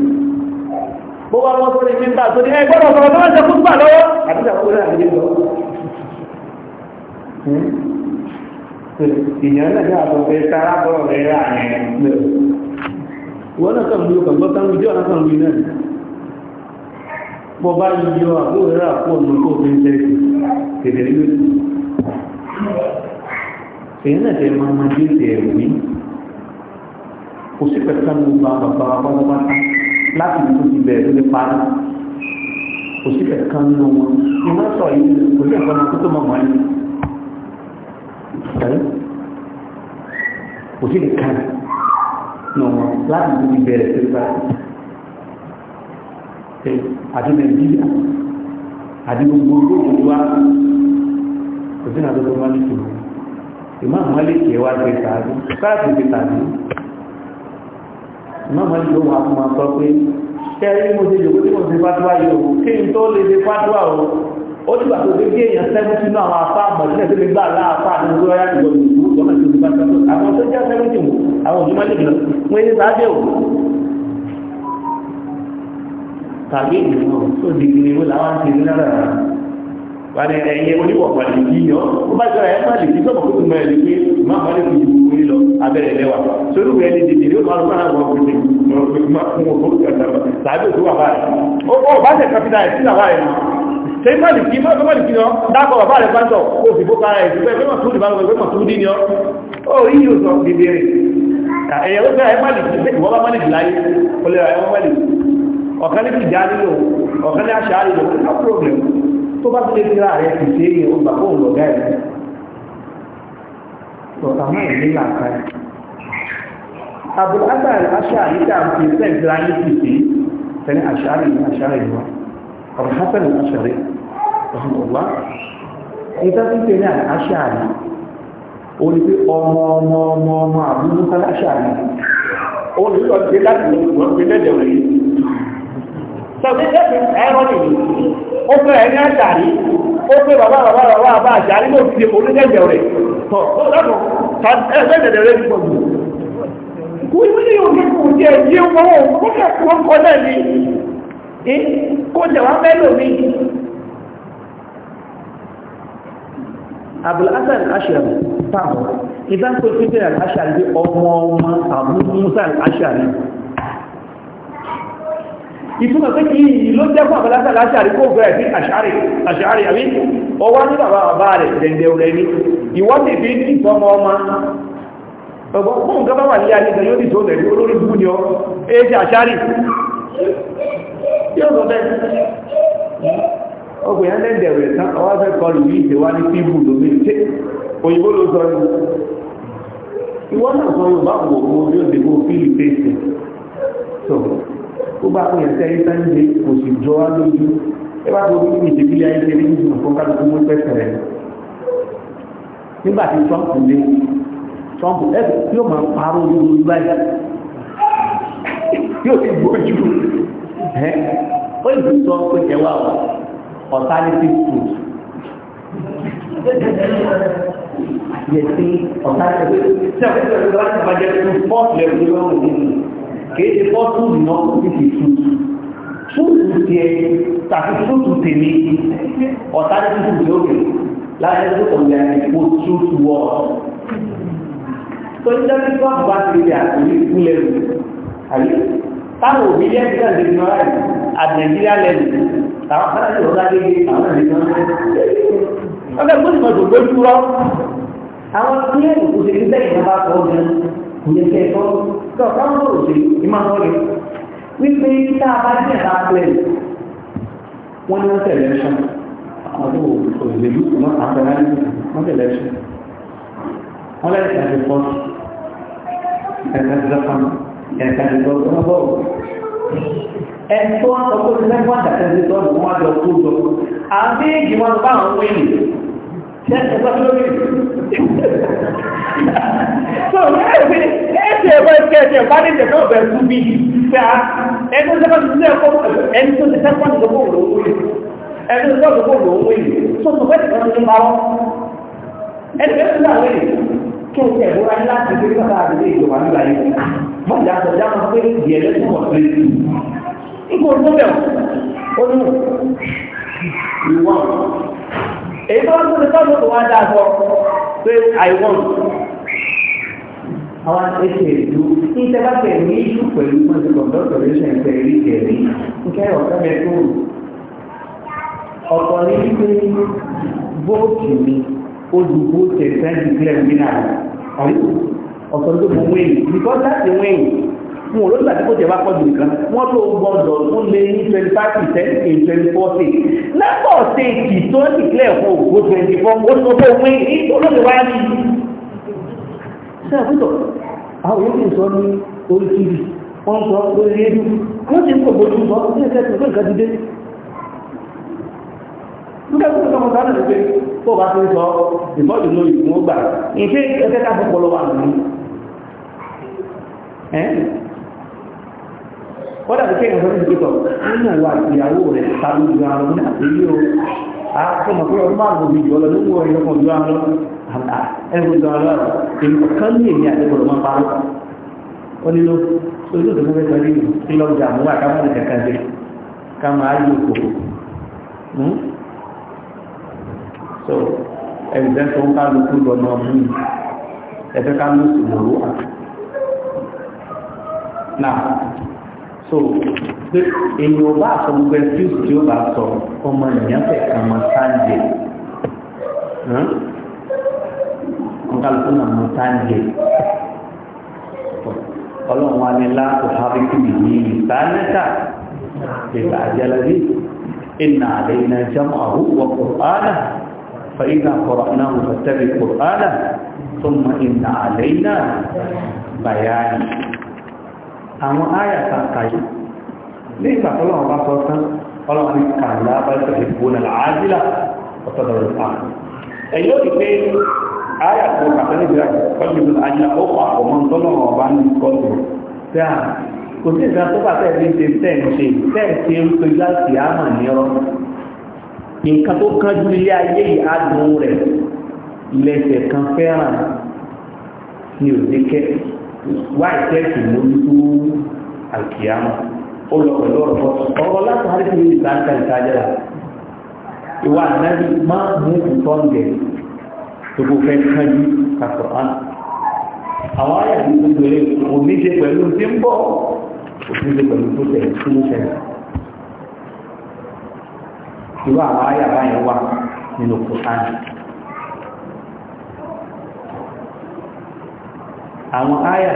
bó wá wọ́n sórí kí n bá sórí ẹ gbọ́dọ̀ sọ̀rọ̀ tó wọ́n ṣe fún gbà lọ́wọ́ àdídà lórí àdídà lọ́wọ́ ìyẹn náà ní àtọ̀ pé sára bọ̀ rẹ̀ rà yẹn wọ́n náà kàn ló kàn gbọ́ta lójú ọ̀nà kàn lójú náà bọ́ bá yíyọ àbúrò rẹ̀ àpò ọ̀nà tó fi ń tẹ̀sí tètè lójú èyí náà tẹ máa ma dé tẹ wí kò sí pẹ̀lú sanu gba bàbá pátápátá láti tó ti bẹ̀rẹ̀ lórí parí kò sí pẹ̀lú kan nínú wọn ìmọ̀ sọ yìí kò sí ẹ̀kọ́ náà tó tó mọ̀ mọ́ ẹni kò sí kan nínú wọn láti tó ti bẹ̀rẹ̀ lórí parí àti nàìjíríà àti gbogbo olóògùn wa kò sí náà tó tó mọ́ ní Imam Malik wá ṣe tàbí sáàtì ti tàbí Imam Malik ló wà fún ma sọ pé kẹrí mo ṣe jòkó tí mo ṣe fatuwa yìí o kí n tó lè ṣe fatuwa o ó dìgbà tó dé bí èèyàn sẹ́gun sínú àwọn afá àmọ̀lẹ́lẹ̀ tó lè gbà láàfá àdúgbò tó yára ìwọ̀n ìlú lọ́nà tó ti bá sọ́tọ̀ àwọn tó jẹ́ sẹ́gun jù àwọn òjò máa lè gbìyànjú wọ́n ṣe sáájẹ́ o tàbí ìgbìmọ̀ tó dìgbìmọ̀ làwọn ti rí lára wà ní ẹ̀yìn oníwọ̀ pàdé yíyan ó bá jọra ẹ̀ má lè fi sọ́mọ̀ kó tó mọ̀ ẹ̀ lè pé má má lè fi ju orí lọ abẹ́rẹ́ lẹ́wà sórí rẹ̀ ní dèdè ní ó máa lọ́nà àwọn òkùnrin ọ̀rọ̀ pé má fún òkú tàbí òkú wà báyìí ó bá jẹ kapita ẹ̀ sí àwárí sẹ́yìn má lè fi má má lè fi lọ dábọ̀ bàbá rẹ̀ pàtó kó o sì bó para ẹ̀ sí pé má tún ìbámu pé má tún dín ní ọ ó rí yóò sọ dèdè rẹ̀ ẹ̀yẹ ó fẹ́ ẹ̀ má lè fi ìwọ́n bá má lè fi láyé ó lè ra ẹ̀ wọ́n má lè fi ọ̀kan ní ti dá nílò ọ̀kan ní àṣà àlejò no problem tó bá tilẹ̀ tira rẹ̀ kì í ṣe é yẹ ọgbà kó ń lọ gáà rẹ̀ sọ̀tà mọ́ ìlú làkà rẹ̀. àbúrò agbára aṣọ àyíká àti sẹ́ǹtìrà yìí ti sí sẹ́ni àṣàrì ní àṣàrì wa ọ̀rọ̀ hasan àṣàrì ọ̀hùnmọ̀wá ìtàkùn tẹ̀ ní àṣàrì olùgbé ọmọ ọmọ ọmọ ọmọ àbúrò kálá àṣàrì olùgbé ọ̀gbẹ́ tọ́sí tẹ́sí ẹ̀rọ nìyí ó fẹ́ ẹni àṣàrí ó fẹ́ bàbá bàbá bàbá bàbá àṣàrí ló fi dèbò onídẹ̀ẹ̀dẹ̀ rẹ̀ tọ́ lọ́dún ẹgbẹ́ ìdẹ̀dẹ̀ rẹ̀ ti pọ̀jù. kò ní òkè kò jẹ́ ẹ̀jẹ̀ owó owó kẹ́kọ̀ọ́ wọn kọ́ náà ni kó jẹ̀ wá mẹ́lò mi. Abul Hasan al-Ashari táwọn ìbá ń pè fífẹ́ al-Ashari ọmọ ọmọ Abu Musa al ìtumọ̀ pé kí ló jẹ́ fún àbálásà láṣàrí kó bẹ̀rẹ̀ sí àṣàrí àṣàrí àbí ọwá ní bàbá bàbá rẹ̀ dẹ̀ndẹ̀ rẹ̀ ní ìwọ́n ti fi ní ìfọmọ ọmọ ọgbọ́n fún nǹkan bá wà ní ayé gan yóò ti tó rẹ̀ ní olórí bú ni ọ èéjì àṣàrí yóò sọ bẹ́ẹ̀ ọgbọ̀n yẹn dẹ̀ndẹ̀ rẹ̀ tán ọwá fẹ́ kọlù yìí ṣe wá ní fíbù gbogbo àwọn èèyàn tẹ́lẹ̀ tán lè kò sì jọ wá lójú ẹ wá gbogbo níbi ìdíbílẹ̀ ayé tẹ́lẹ̀ ní ìdùnnú fún kálukú mú pẹ́sẹ̀ rẹ̀ nígbà tí Trump lé Trump ẹ yóò máa parọ́ olórí báyìí yóò ti gbójú ẹ ó lè sọ pé ẹ wá wà alternative food yẹ sí alternative food ṣé àwọn ìṣẹ̀lẹ̀ tó bá jẹ́ fún fourth level ló ń wọ̀ nínú kéde fọ́tù náà ti fi tútù tútù ti ẹ tàbí tútù tèmi ọ̀tá ní tútù tí ó kè láti ẹgbẹ́ ọ̀gbẹ́ ìpò tútù wọ̀ tó ń jẹ́ pípọ́ àbúrò àti ilé àkùnrin ìpínlẹ̀ rẹ̀ àyè táwọn òbí yẹn ti tẹ̀lé ní ọ̀rá yìí àti nàìjíríà lẹ́nu táwọn fẹ́rẹ́ ti rọ́lá dé àwọn ènìyàn ọ̀gbẹ́ gbọ́dọ̀ tó gbé dúró àwọn ilé ìkùsẹ̀ ní bẹ́ẹ̀ ìjọba kọ̀ọ̀kan kò yẹ tó ọ̀ká ń lòrò sí ìmáwọ́lẹ̀ wípé tá a bá díẹ̀ bá pẹ́ wọ́n ní wọ́n tẹ̀lé ẹ̀ṣọ́ àwọn òṣèlú ìlú wọn àtẹ̀lé wọ́n tẹ̀lé ẹ̀ṣọ́ wọ́n lẹ́yìn tàbí fọ́ọ̀tù ẹ̀ka ti lọ́kàn ẹ̀ka ti lọ́kàn bọ́ọ̀lù ẹ̀tọ́ àtọ́kọ́ ti lẹ́gbọ́n àtàkẹ́ ti lọ́kàn wọn àjọ kó jọ àbí ìgbìmọ̀ bá àwọn wíìnì ṣe ẹ̀gbá lórí so ẹ̀ṣẹ̀ ẹ̀gbá ẹ̀ṣẹ̀ ẹ̀ṣẹ̀ ẹ̀gbá ní ìjẹ̀kọ́ ọ̀bẹ̀ ẹ̀kú bí pé a ẹni tó sẹ́kọ́ ti sẹ́kọ́ ẹni tó ti sẹ́kọ́ ti sọ́kọ́ òwò ìjọba pé ìdíyẹ èyí tó ń tóbi tọ́jú tó wá dáadọ́ pé i want àwọn ẹsẹ̀ ìlú ní tẹ́lá pẹ̀lú ìṣù pẹ̀lú pẹ̀lú nke lẹ́sẹ̀ pẹ̀lú ìkẹ̀rí nkẹ́ ọ̀tọ́ yẹn tó rù ọ̀tọ̀ ní wípé vóòtù mi olùkó tẹ̀sán ìdílé mi náà ọ̀tọ̀ tó mú wọn ò lóṣù àti kò tẹ̀ wá pọ̀jù nìkan wọ́n tó gbọ́dọ̀ tó lé ní twenty five percent in twenty four state lẹ́pọ̀ stéèkì tó ń ìpínlẹ̀ fún ògbó twenty four ó sọ pé òun ní olóṣù wá ní. sẹ́yìn fúnjọ àwọn yóò fi sọ ní orí tv wọ́n sọ lórí rédíò wọ́n ti ń kò bójú sọ ní ẹ̀sẹ̀ tó fẹ́ nǹkan ti dé. nígbà tó sọ fún sáré pé tó bá ti ń sọ ìbọ́jú lórí ìgbìmọ̀ gbà ní ṣé ẹgbẹ́ ká fọ́ pọlọ wà nínú kọ́dà tó kéèyàn sọ́dún ìgbésọ̀ nínú ìwà ìyàwó rẹ̀ tàbí ìjọ àwọn ọmọdé àti ilé o àkọ́mọ̀ pé ọdún márùn-ún òbí ìjọ lọ nínú ọ̀rẹ́ ọkọ̀ ìjọ àwọn ẹ̀rùn ìjọ àwọn ọ̀rọ̀ èmi kọ̀ọ̀kan ní èmi àti ọ̀rọ̀ máa parọ́ ó ní ló tó ní òdòdó fẹ́ sọ́dún ní lọ́jà mú àkámọ́ ìkẹ̀kẹ́ dé ká máa yí òkò hmm? so ẹ̀rùjẹ́ tó ń ká lókù lọ́nà ọ̀hún ẹ̀fẹ́ ká lóṣù lọ́wọ́ so pé èyí ò bá sọ gbogbo excuse tí ó bá sọ ọmọ ènìyàn fẹ́ kàn mọ́ sáńdé kálukú náà mọ́ sáńdé ọlọ́run wa ni láàpù hábíkìmì ní ìsáńdẹ́ta ìgbà àjẹlẹ́bí إن علينا جمعه وقرآنه فإذا قرأناه فاتبع قرآنه ثم إن علينا بيانه àwọn áyà ta kàyé ní ìgbà tó lọ́wọ́ bá sọ tán ọlọ́run ní kàlá bá tẹ̀ ìbò nà láàájílà ọ̀tọ̀dọ̀ rẹ̀ pa èyí ó ti pé áyà tó kàtẹ́ níbi rẹ̀ pẹ̀lú ìbò àjílà ó pa ọmọ tó lọ́wọ́ bá ní kọ́tù tẹ́ à kò sí ìgbà tó bá tẹ̀ ní ṣe wáyé tẹ́ẹ̀sì mójútó àkíyàmù ó lọ pẹ̀lú ọ̀rọ̀ ọ̀rọ̀ láti wáyé tí yìí sáńkà ìtajà ìwà ànábì máa mú ìtọ́ǹdẹ̀ tó kò fẹ́ kájú kàtọ̀ án àwọn àyà tí ó gbèrè kò ní ṣe pẹ̀lú tí ń bọ̀ kò ní ṣe pẹ̀lú tó tẹ̀ tó ń ṣẹlẹ̀ ìwà àwọn àyà báyẹn wà nínú kòtánì àwọn áyà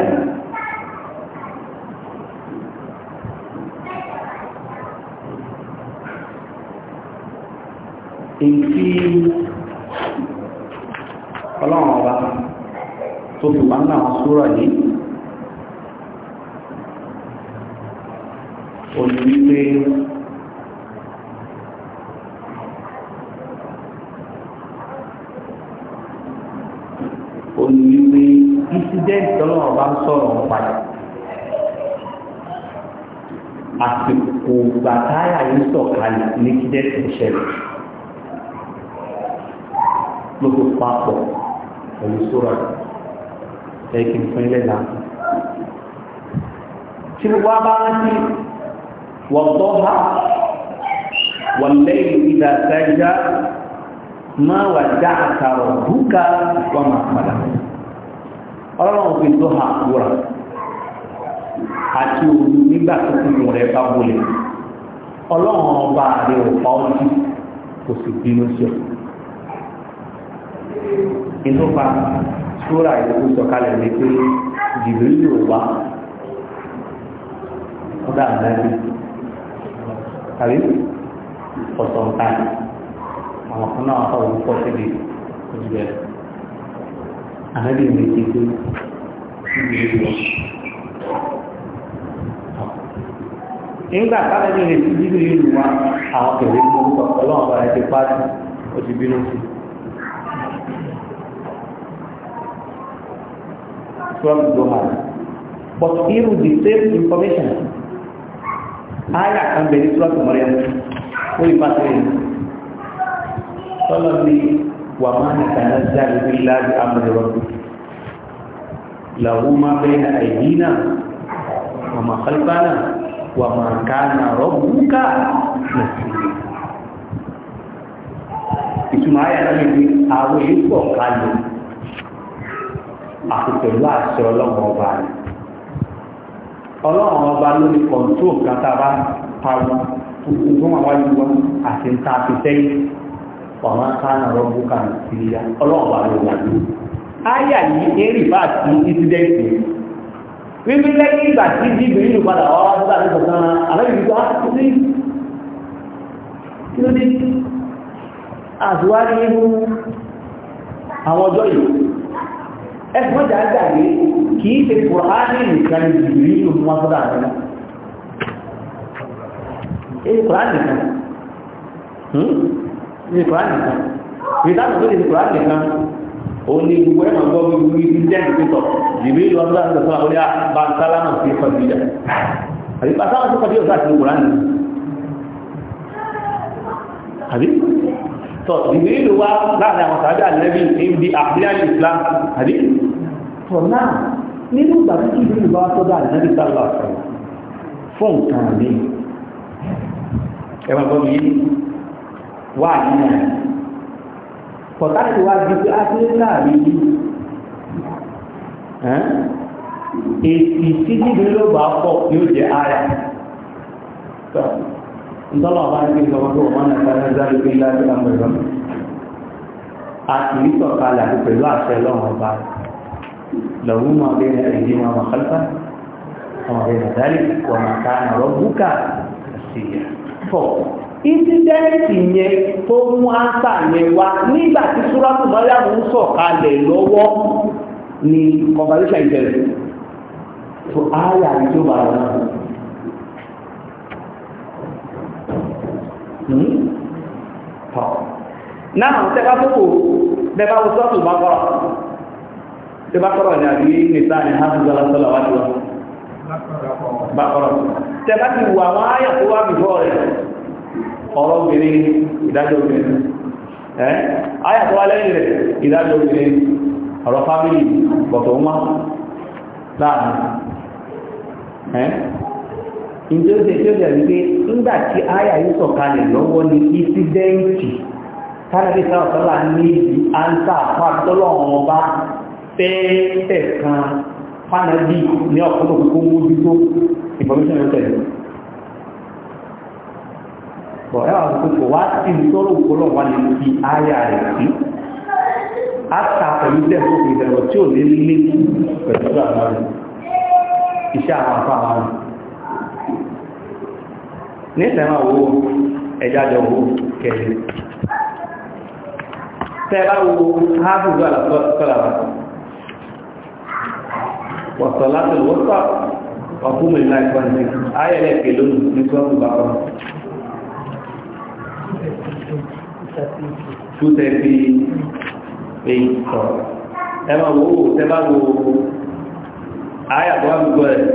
yìí èyí ọlọ́run ọba tó fi wá náà súrà yìí olùwípé jẹ́ ìtọ́lọ́ ọba ń sọ̀rọ̀ nípa rẹ̀ àsìkò gbàtáyà yìí sọ̀kalẹ̀ ní kíjẹ́ tó ṣẹlẹ̀ ló fi papọ̀ pẹ̀lú sóra ẹ̀ kí n fún ilé náà tí gbogbo abá rántí wọ́n tọ́ ha wọ́n lẹ́yìn ìdá sájá máa wà dá àtàrọ̀ búkà wọ́n máa padà ọlọ́run fi tó hà kúra àti òru nígbà tó kúrò rẹ̀ bá bolẹ̀ ọlọ́run ọba rẹ̀ ò pa ọ́ sí kò sì bínú sí ọ. inú pa sóra ìlú sọ̀kalẹ̀ ní pé jìbìrì ò wá ọ̀dà àdájú tàbí ọ̀sọ̀ǹtà àwọn kan náà ọ̀rọ̀ ń pọ̀ síbi ìjìbẹ̀rẹ̀ àárí ìwé ti pé nígbà táwọn ẹni rẹ̀ ti bí ìlú wa àwọn kẹ̀lé ní orúkọ ọlọ́run bá rẹ̀ ti pàdé ó ti bínú sí from Doha but irú the same information ayà kan bẹ̀rẹ̀ sọ́ọ̀tù mọ́rẹ́ ó lè bá tẹ̀lé tọ́lọ́ ní wà máa ń tàná jáde ní láti amúlẹ̀wọ̀ tó làwọn máa bẹ́ẹ̀ na àìdí náà wà máa kálífà náà wà máa ká náà rọ́bùkà ìtumọ̀ ayé náà lè fi àwọn èyí pọ̀ kalẹ̀ àti pẹ̀lú àṣẹ ọlọ́run ọba rẹ̀ ọlọ́run ọba ló ní kọ̀ǹtò kátàbá parọ́ tuntun tó wà wáyé wọn àti ń ta àti sẹ́yìn ọmọ kánà rọ́bù kánà síríyá ọlọ́ọ̀bà ló wà ní. Áyà yìí eré bá ti ìsídẹ́ǹtì. Wíwí lẹ́yìn ìgbà tí bíbélì ló padà wá wá sí àdúgbò kan, àlejò tó á sí. Kí ló dé? Àtúwárí nínú àwọn ọjọ́ yìí. Ẹ̀fọ́n jà gbàgbé kì í ṣe Kùránì nìkan ní ìrírí ìlú wọn sọ́dọ̀ àná. Èyí Kùránì nìkan. Hmm? ní kùránì kan ìtàn tó lè kan òun ni gbogbo ẹ̀ máa gbọ́ wíwí ìdẹ́nu pípọ̀ jìbí ìlú ọdún láti sọ́nà orí àbáńsálámà ah, sí kọ́bíyà àbí pàtàkì tó kọ́bíyà sáà sí kùránì àbí tọ́ jìbí ìlú wa láàrin àwọn sàájà lẹ́bí ìdí àbílẹ̀ Islam àbí tọ́ náà nínú ìgbà tí jìbí ìlú wa tọ́jú àdínábì sálà fún nǹkan mi ẹ máa gbọ́ wà nínú ẹ̀ pọ̀tàkì wa di pé áfíríkà rí èsì tí níbi ló bá pọ̀ yóò jẹ́ ara ntọ́lọ̀ ọba ní kí n sọ pé ọmọ náà sáré sáré pé ilé ẹgbẹ́ náà pẹ̀lú àtìrí sọ̀kalẹ̀ àti pẹ̀lú àṣẹ lọ́wọ́ ọba lọ́wọ́ máa bẹ́ẹ̀ ní ẹ̀dí wọn máa kálífà ọmọ bẹ́ẹ̀ nàdálì wọn máa ká àrọ́ búkà sí i fọ́ incident yẹn tó mú ansa yẹn wá nígbà tí súrọ́tù mọ́ríàmù ń sọ̀kalẹ̀ lọ́wọ́ ni conversation ìbẹ̀rẹ̀ tó áyà tó wà náà. Hmm? náà tẹ́ka tó kò bẹ́ẹ̀ bá wọ sọ́ọ̀tù bá kọ́ra tí bá kọ́rọ̀ ní àbí nìta ní hàbùzọ́ lásọ́lá wájú wa bá kọ́rọ̀ tẹ́ bá ti wà wọ́n áyà tó wá bìfọ́ rẹ̀ ọ̀rọ̀ obìnrin ìdájọ́ obìnrin ẹ́ ayàtọ̀ alẹ́yìn rẹ̀ ìdájọ́ obìnrin ọ̀rọ̀ fámílì bọ̀tọ̀ ọmọ láàrin ẹ́ ìjọ́ ṣe tí ó jẹ́ wípé ńgbà tí ayà yìí sọ̀kalẹ̀ lọ́wọ́ ní ìsídẹ́ǹtì tánàbí sáwọ̀sọ́là ní ìdí áńtà fàtọ́lọ̀ wọn bá fẹ́ẹ̀ẹ́ kan fánàbí ní ọ̀pọ̀lọpọ̀ bọ̀ ẹ́ àwọn òkú wá sí sọ́rọ̀ òkúrọ̀ wà lè fi ayà rẹ̀ sí àtà pẹ̀lú tẹ́kù ìbẹ̀rọ̀ tí ò lè lé pẹ̀lú àwọn iṣẹ́ àwọn afá wọn nísẹ̀mà owó ẹjájọ owó kẹrẹ tẹ́bá wo hábùgbà àlàkọ́lá wọ̀sọ̀lá pẹ̀lú wọ́sọ̀ ọkùnrin láìpọ̀ ní ayẹ̀lẹ̀ pẹ̀lú ní sọ́ọ̀bù bàbá two thirty eight sọ ẹ máa wo owó tẹ bá wo ayé àbúrò àgbègbè rẹ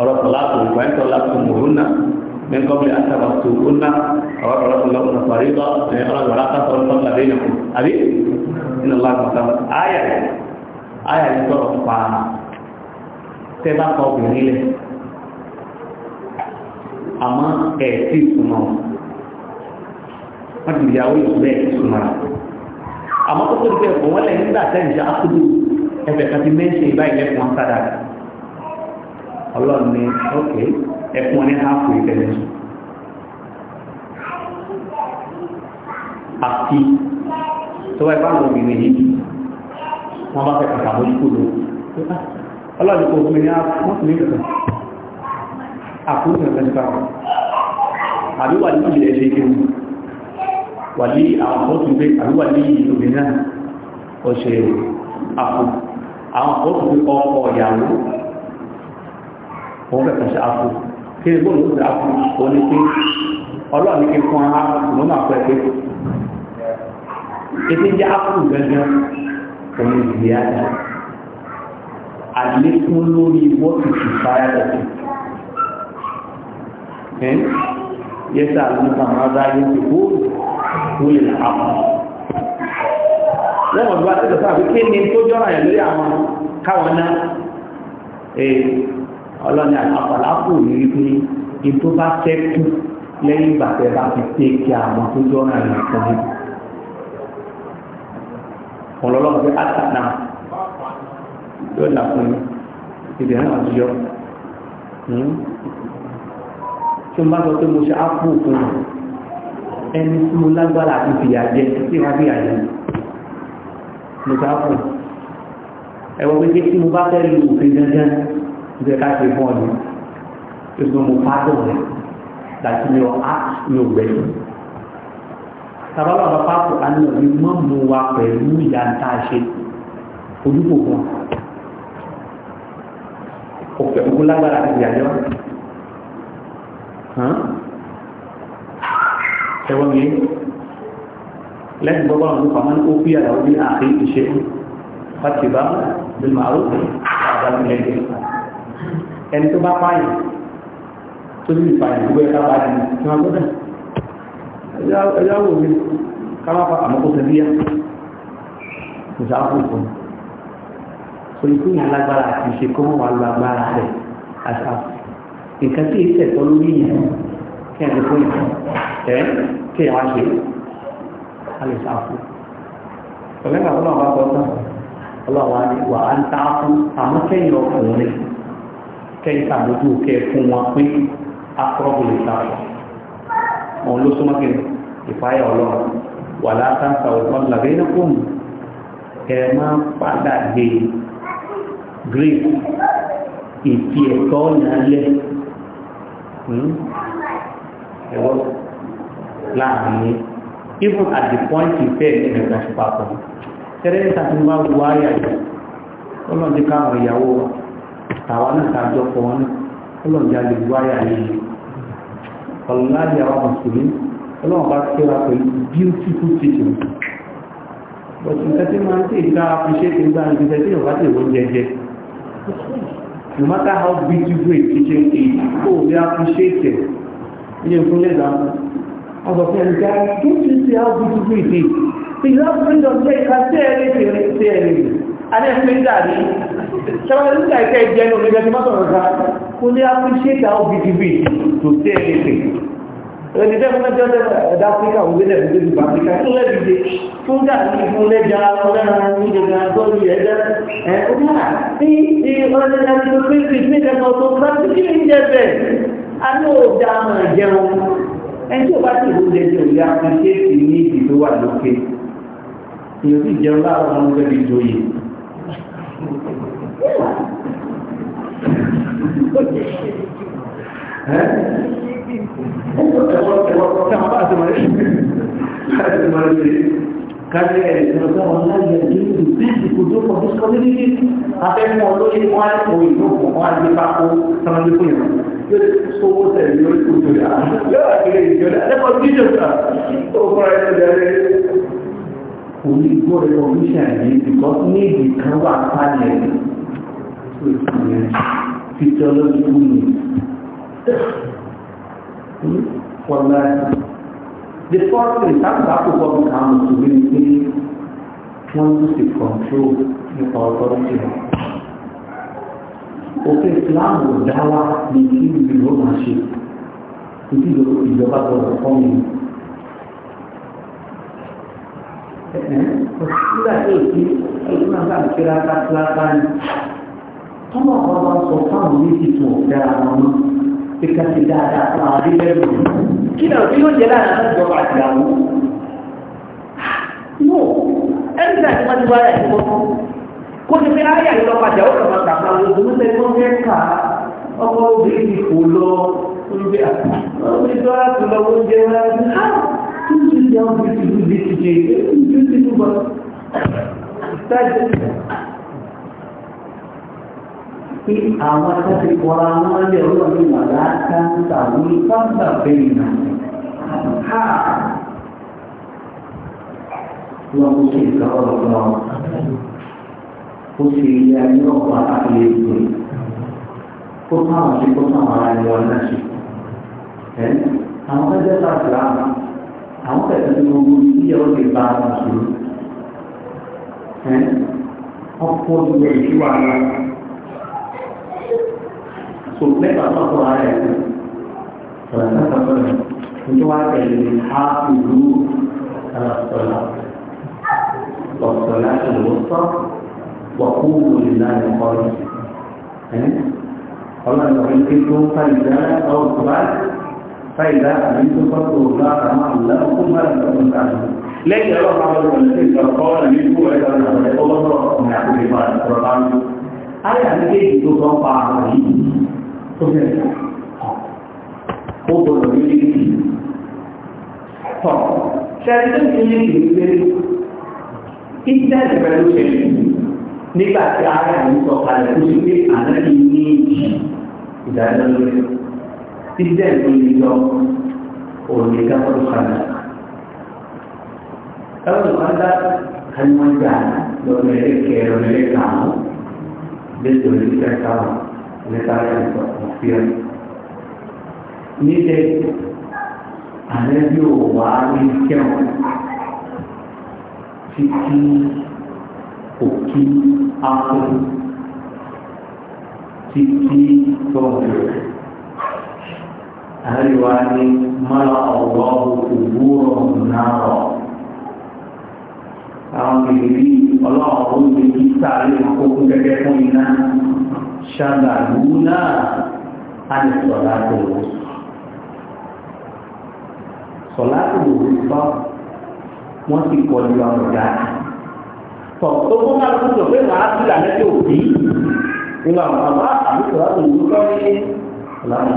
ọ̀rọ̀ tó láàbò ìgbà yẹn tó láàbò mòrúnà ní kọ́mí àtàbà tó kúnná àwọn ọ̀rọ̀ tó lọ́kùnà parí lọ ní ọ̀rọ̀ ìwà látà tó lọ́kùnà làbẹ́ yẹn kù àbí nínú láàbò sábà ayé ayé yẹn tó pa tẹ bá kọ obìnrin lẹ àmọ́ ẹ̀ tí ìsúná wọ́n ti ìyàwó yìí bẹ́ẹ̀ súnmọ́ra àmọ́ tó tóbi kẹ́kọ̀ọ́ wọ́n lẹ́yìn nígbà tẹ́ ìjà ákúdù ẹ̀fẹ̀ kan ti mẹ́ṣẹ̀ ìbáyìí lẹ́kùn sádà ọlọ́run ní ọ̀kẹ́ ẹ̀kún ní háàfù ìtẹ̀lẹ̀ sùn àti tó wáyé báwọn obìnrin yìí wọ́n bá fẹ́ kàkà mójúkò lò ọlọ́run kò fún mi ní wọ́n fún mi nìkan àkúrò nìkan nípa àbí wà nínú ìlẹ̀ kéwù wàlí àwọn tó ti gbé àríwàlí obìnrin náà ó ṣe àpò àwọn tó ti gbé ọkọ̀ ìyàwó òun fẹ́ kàṣẹ àpò kí ni bóòlù ó ṣe àpò ó ní pé ọlọ́run ní kí fún ara ló máa pẹ́ pé ètò ìjà àpò gẹ́gẹ́ òun ìdí àjà àlékún lórí wọ́pìtì fáyàtọ̀ yẹ́sà àkúlè àpò lẹ́wọ̀n bí wá tẹ́tọ̀ sáà pé kí ni tó jọ́ra ẹ̀ lórí àwọn káwọn náà ee ọlọ́ni àpàlápò ní wípé ní tó bá tẹ́kù lẹ́yìn ìgbà tẹ́ bá fi pé kí àwọn tó jọ́ra ẹ̀ lọ́kọ́ ní ọlọ́lọ́pẹ́ àtàná yóò là fún mi ìdè náà ti yọ hmm? tí mo bá sọ pé mo ṣe ápù fún mi ẹni tí mo lágbára àti fìyà jẹ tí wọ́n fìyà jẹ mo sá fún ẹwọ pé tí mo bá fẹ́ lu òfin dandan mo fẹ́ ká ṣe fún ọdún tó sọ mo pàtó rẹ láti mi ọ á mi ò gbẹ sábàbà bàbá kò á mọ́ mu wa pẹ̀lú ìyá ń tá a ṣe ojúkò fún ọ kò lágbára àti fìyà ẹ̀wọ́n mi lẹ́yìn bọ́bá wọn nípa máa ń kó fíyà láwọn ní àti ìṣe láti bá bíi màálù àbámilẹ́gbẹ̀ ẹni tó bá pààyàn tó ní ìpààyàn gbogbo ẹ̀ka bá dì ní wọn gbọ́dọ̀ ẹjọ́ wò mí ká má fa àmọ́ kó ṣe bíyà kò sá fún ìfún ẹ́ kí a ṣe a lè ṣàfù ọ̀lẹ́gbà ọlọ́run bá sọ tán ọlọ́run á ní wà á ń ta fún àmọ́ kẹ́yìn ọkùnrin kẹ́yìn tàbójú kẹ́ fún wọn pé akọ́rọ́bù lè ṣàfù òun ló súnmọ́ kí ìfáyà ọlọ́run wà látàǹtà ọ̀gbọ́n làbẹ́ ní kùn ẹ máa padà dé grace ìfi ẹ̀tọ́ náà lẹ̀ ẹ̀wọ́n láàrin yìí even at the point ìfẹ́ ìrẹ̀gbà ṣe papọ̀ tẹ́rẹ́ níta tí wọ́n wá wáyà yìí ọlọ́dí káwọn ìyàwó tàwa náà tàjọ pọ̀ wọn ọlọ́dí alẹ́ wáyà yìí ọ̀láyà àwọn mùsùlùmí ọlọ́wọ́n bá kẹ́ra pẹ̀lú beautiful teaching but nǹkan tí máa ń tẹ̀ ká appreciate nígbà níbi tẹ̀ tí yóò bá tẹ̀ wọ́n jẹjẹ no matter how beautiful a teaching is oh, o lè appreciate ẹ̀ ní ìfúnlẹ̀ ìdáhùn ọ̀dọ̀ fún ẹni gáà tó ti ṣe ágbùdú fún ìdí ìlú ágbùdú ọ̀sẹ̀ ìka tí ẹ lè ṣe rẹ̀ tí ẹ lè alẹ́ ẹ̀fẹ́ ìdá ní ṣàbàlẹ̀ nígbà ìkẹ́ ìjẹnu ní ẹgbẹ́ mọ́tò rẹ̀ ká kó ní appreciate how big it is to say anything ẹni tẹ́ fún ẹjọ́ ẹ̀dá áfíríkà òwe lẹ̀ fún ẹjọ́ áfíríkà fún lẹ́bìdé fún gàdí fún lẹ́jà ọlẹ́ra ìjọba àgọ́lù ẹ̀dá ẹ̀ ọ̀dà ní ọlẹ́dá tó pé kìí ní ẹ̀dá tó pé kìí ní ẹ̀bẹ̀ a ní òdà àmọ̀ ìjẹun ẹni tí o bá ti ìlú jẹjẹ òye àpèkéèkì ní ìdìbò wà lókè èyí ti jẹun láàárọ̀ ọmọ ọgbẹ́ bíi joyè Kájí ẹ̀sìn ọ̀gá ọ̀la yẹ kí ní bíìsì kò tó pọ̀ tó sọ ní níbi afẹ́fẹ́ olóyè wọn àìkò ìlú wọn àti pápó sọmọdé fún ìrànlọ́wọ́ sówó tẹ̀lé lórí kòtò rẹ̀ yóò àkílẹ̀ ìjọba ẹ̀kọ́ jíjọ sà ó fọ́ra ẹ̀kọ́ jẹ́rẹ́ kò ní gbọ́ ẹ̀kọ́ mission yìí because níbi kan wà pálẹ̀ physiological needs for life the first thing táwọn bá kó bọ́ọ̀lù kan mọ̀ sí wípé wọ́n lose the control nípa authority òfin ìsìláàmù dáwà lè fi ìlú máa ṣe ìdí ìjọba gbọdọ̀ fọ́ mi. nígbà tí òsì ẹni máa bá ìṣe rákà kíláàkà ni tọ́mọ̀ kan bá sọ fáwọn méjì tó dára wọn mọ́ pé ká ti dáadáa fún àwọn adébẹ́rù kí náà tí yóò jẹ́ láàrin àwọn ìjọba àti àwọn. no ẹni tí a ti máa wá ẹ̀ fọ́fọ́ kó ti fi ayé àyílọ́padà ó kàmá kàmá lóògùn mẹ́ta ẹni wọ́n fẹ́ kà á ọkọ obìnrin ní kò lọ oúnjẹ àti ọjọ́ láti lọ oúnjẹ rẹ̀ á tún ti di àwọn bíi tìlú bíi tìjẹ ìgbẹ́ tún ti tún bọ̀ tájú pé àwọn akẹ́kọ̀ọ́ kọ́ra wọn lé ọlọ́run wà láàká ń ta wọ́n sábà bẹ́ẹ̀ nà á wọ́n kò sí ìgbà ọ̀rọ̀ kó ṣe ilé ayé ọ̀pá àkìlẹ̀ ìgbò kó táwọn ṣe kó táwọn ara ẹni wọn náà ṣe. àwọn ẹgbẹ́ ta fìlà àmà àwọn kẹ̀kẹ́ tí gbogbo ìyẹ́ ó lè bá wọn sùn. ọkọ̀ ìwé ìṣúwà náà kò mẹ́ta náà tó ara ẹ̀ sọ̀rọ̀ náà sọ̀rọ̀ nítorí wá tẹ̀lé ha ìlú ọ̀sọ̀lá ọ̀sọ̀lá ìlú sọ̀rọ̀. وقولوا لله قائلا ọlọ́run ọ̀rẹ́ pé tó ń fa ìdá ọ̀rọ̀ bá fa ìdá àmì tó fọ́tò bá àmà lọ́kùn bá lọ́kùn káàdì lẹ́yìn ọ̀rọ̀ bá wọlé wọlé sí ìjọkọ́ ẹ̀mí kú ẹ̀rọ ìrọ̀lẹ́ ọlọ́rọ̀ ọ̀rẹ́ àkókò bá ọ̀rọ̀ bá ń lò. ayé àdékéjì tó kọ́ pa àwọn yìí tó bẹ̀rẹ̀ ó gbọdọ̀ ní ilé yìí. tọ́ sẹ́ni tó ń ṣe ní ìlú pé ìtẹ́lẹ̀ pẹ̀lú ṣẹlẹ̀ nígbà tí ara yìí sọ kalẹ̀ tó ti pé àná ti ní ìjì ìdájọ́ lórí tí bẹ́ẹ̀ ló lè yọ òní gáfọ́rọ̀ kalẹ̀. káwọn ìpàdé kanímọ̀jà lọ́nà ẹ̀kẹ́ lọ́nà ẹ̀kẹ́ àwọn lẹ́sọ̀ lórí ẹ̀ka wọn lẹ́ka yẹn sọ òfin ẹ̀. níbẹ̀ àná bí ò wá ní kẹ́wọ̀n títí. òkè ápù títí tọ́jú àríwá ní máa ọ̀wọ́ òwúrọ̀ náà àwọn kìrìrí ọlọ́run ó ti kí sáré àkókò gẹ́gẹ́ fún iná ṣàgbàlú náà á lè sọ̀rọ̀ àtòwò sọ̀rọ̀ àtòwò bá wọ́n ti kọjú àwọn ọ̀gá tọ̀ tó kó máa tún sọ pé màá sí àlẹ́jọ́ òbí nínú àwọn àbá àbíkọ̀ láti ìlú lọ ní ìlànà.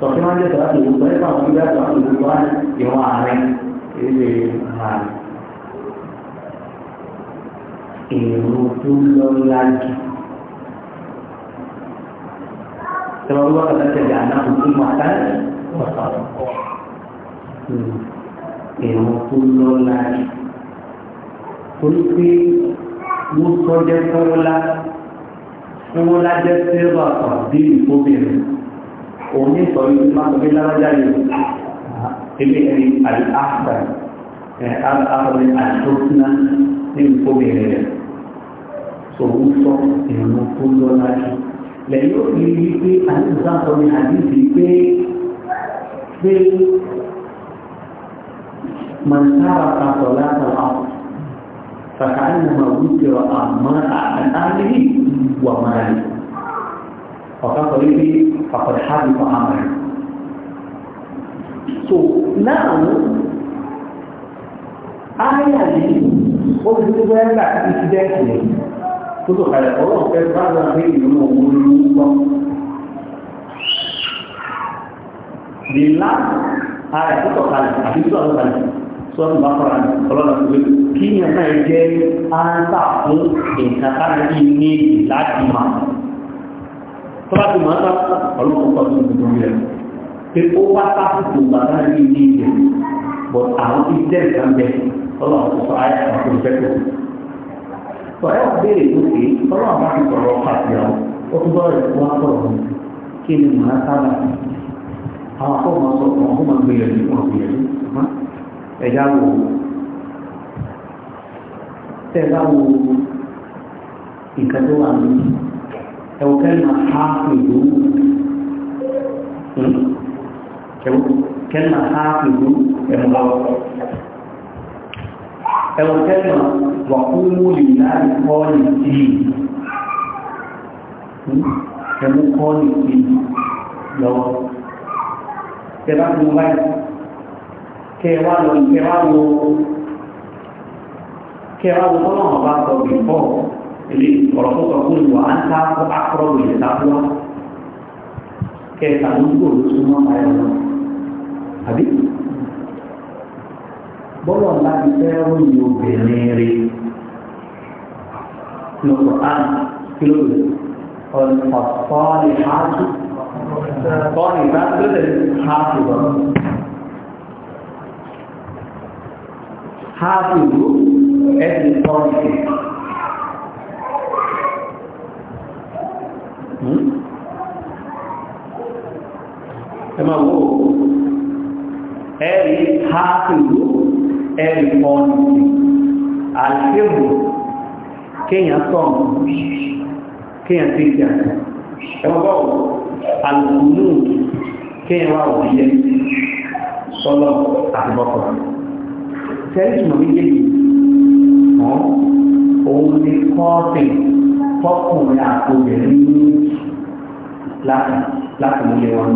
Tọ̀kí máa ń jẹ́ tọ́lá ìlú lọ nípa àwọn ìlú àti àwọn ìlú lọ ìwọ̀n àárín ilé àárín. Èrò tó lọ lájú. Tẹ̀wọ́n wọ́n kàtà tẹ̀lé àná òkú màtá ọ̀sán ìrùn tó lọ́la rí torí pé wọ́n sọ́jẹ́ fúnwọ́lá fúnwọ́lá jẹ́ sẹ́wà pàdé ìfowópamọ́ òun ní sọ yìí máa sọ pé lárájá yìí ilé ẹni àìáfà ẹ̀ àbábẹ́ àìsókúná ní ìfowópamọ́ rẹ̀ sòwò sọ ìrùn tó lọ́la rí lẹ́yìn ó fi pé àti ìsáǹsọ ní àdìsí pé pé من ترك صلاة العصر فكأنما ذكر أعمال عن أهله وماله وكفر به فقد حدث أمره So now, ayah ni, ó ti tó bẹ́ẹ̀ láti incident ni, tó tó kalẹ̀ ọlọ́run fẹ́ bá wọn pé you know who you gbọ́. The last I have tó talk about it, I have tó talk about it. sọ́nù bá fara ọlọ́nà tó lé kí yẹn náà jẹ́ áńsà fún nǹkan tára bí ní láti mà tó bá ti máa sáà ọlọ́pàá pọ̀ sí gbogbo rẹ̀ pé ó bá sáàpù tó bá tára bí ní ìlẹ̀ bọ̀ àwọn tí jẹ́ nǹkan bẹ ọlọ́pàá tó sọ ayé àwọn tó fẹ́ tó sọ ẹ béèrè tó ké ọlọ́pàá bá ti sọ̀rọ̀ pàṣẹ àwọn àwọn akọ́ ẹ̀yà wò tẹ́lá wo nǹkan tó wà ní ẹ̀wọ̀ kẹ́lìmà háàfù ìlú hmm. kẹ́lìmà háàfù ìlú ẹ̀mọ́ ẹ̀wọ̀ kẹ́lìmà wà fún múlì láti kọ́ọ̀lì sí hmm. ẹ̀mú kọ́ọ̀lì sí lọ́wọ́ tẹ́lá fún báyìí kẹwà lọ kẹwà lọ kẹwà lọ tọ́lọ́ wọn bá sọ bí bọ́ ilé ọ̀rọ̀ tó sọ fún ìwà ń ta kó akọ̀rọ̀ lè ta fún wa kẹta ló ń gbò ló tún wọn báyọ̀ lọ àbí bọ́lọ̀ ńlá ti fẹ́ ròyìn obìnrin rí lọ́kọ̀ án kí ló lè ọ̀nà fọ́ọ̀nì háàtù fọ́ọ̀nì bá tó lè háàtù lọ́wọ́. hábito é forte. Hum? É maluco? É rápido, é forte. Ativo, quem assoma? É quem assiste é a É uma boa. Aluno, quem é o audiente? Só não, a tẹ́lifùmọ̀ méjèèjì kan òun ni kọ́ọ̀tìn tọkùnrin àtòbìnrin ní láti múlẹ̀ wọn.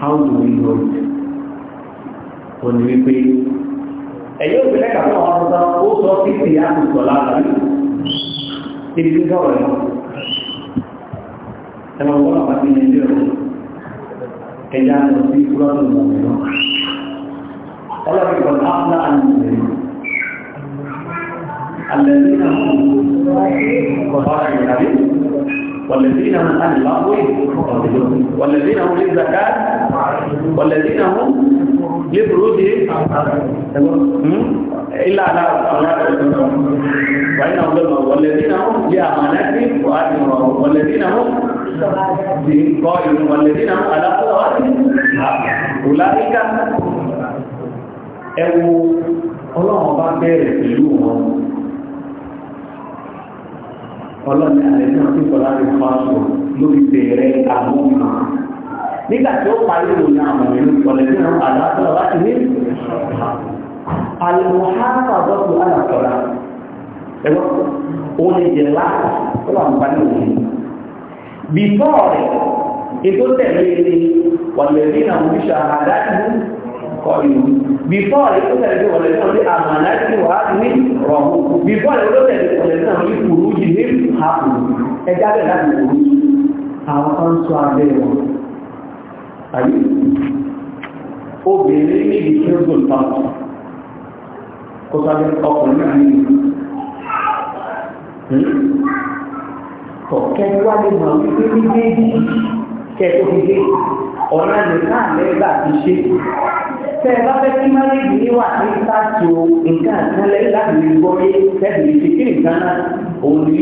How do we know it? Ó ní wípé ẹ̀yẹ́ òbílẹ̀ kàfẹ́ wọn sọ ó sọ títí àtúntò láàrín títí sọ̀rọ̀ ẹ̀mọ̀. Ẹ̀mọ̀ wọ́n àwọn àti ilé ọ̀rọ̀. ẹ̀yà lọ sí kúrọ́dù mọ̀mìnà ọlọ́pìnkọ̀ áfúlà àìyàn الذين هم كفار النبي والذين هم أهل الأرض والذين هم للزكاة والذين هم لفروجهم إلا على وإنهم والذين هم لأماناتهم وآتهم والذين هم بالقائل والذين هم على صلواتهم أولئك ẹwu ọlọ́run bá bẹ̀rẹ̀ pẹ̀lú wọn ọlọ́run àlẹ́ náà tí kọ́lá rẹ̀ fásọ̀ lórí bẹ̀rẹ̀ àwọn ọmọ nígbà tí ó parí ìròyìn àwọn ìlú ọ̀lẹ́ tí wọ́n àlàáfẹ́ láti ní alùmọ̀háàfà bọ́ọ̀lù alàkọ̀lá before ètò tẹ̀lé ní wọ̀lẹ̀dí na mú ṣàhàdájú kọlu before ètò tẹ̀lé wọ̀lẹ̀dí wọ̀lẹ̀dí àmàlájú wà ní rọ̀mù before ètò tẹ̀lé wọ̀lẹ̀dí náà ní kùrú jì ní hapù ẹjá bẹ̀ láti kùrú àwọn kan sọ abẹ́ wọn àyè obìnrin ní ìdí tí ó gbò kẹ̀kẹ́ wá lè mọ̀ pé méjèèjì kẹ̀kọ́ fi dé ọ̀nà lè náà lẹ́gbà fi ṣe. Tẹ́ ẹ bá fẹ́ kí máléèjì níwà ní sáàtò nǹkan àtẹ́lẹ́ láti lè gbọ́ pé kẹ́bìrì ṣe kí nìkan náà ọlọ́run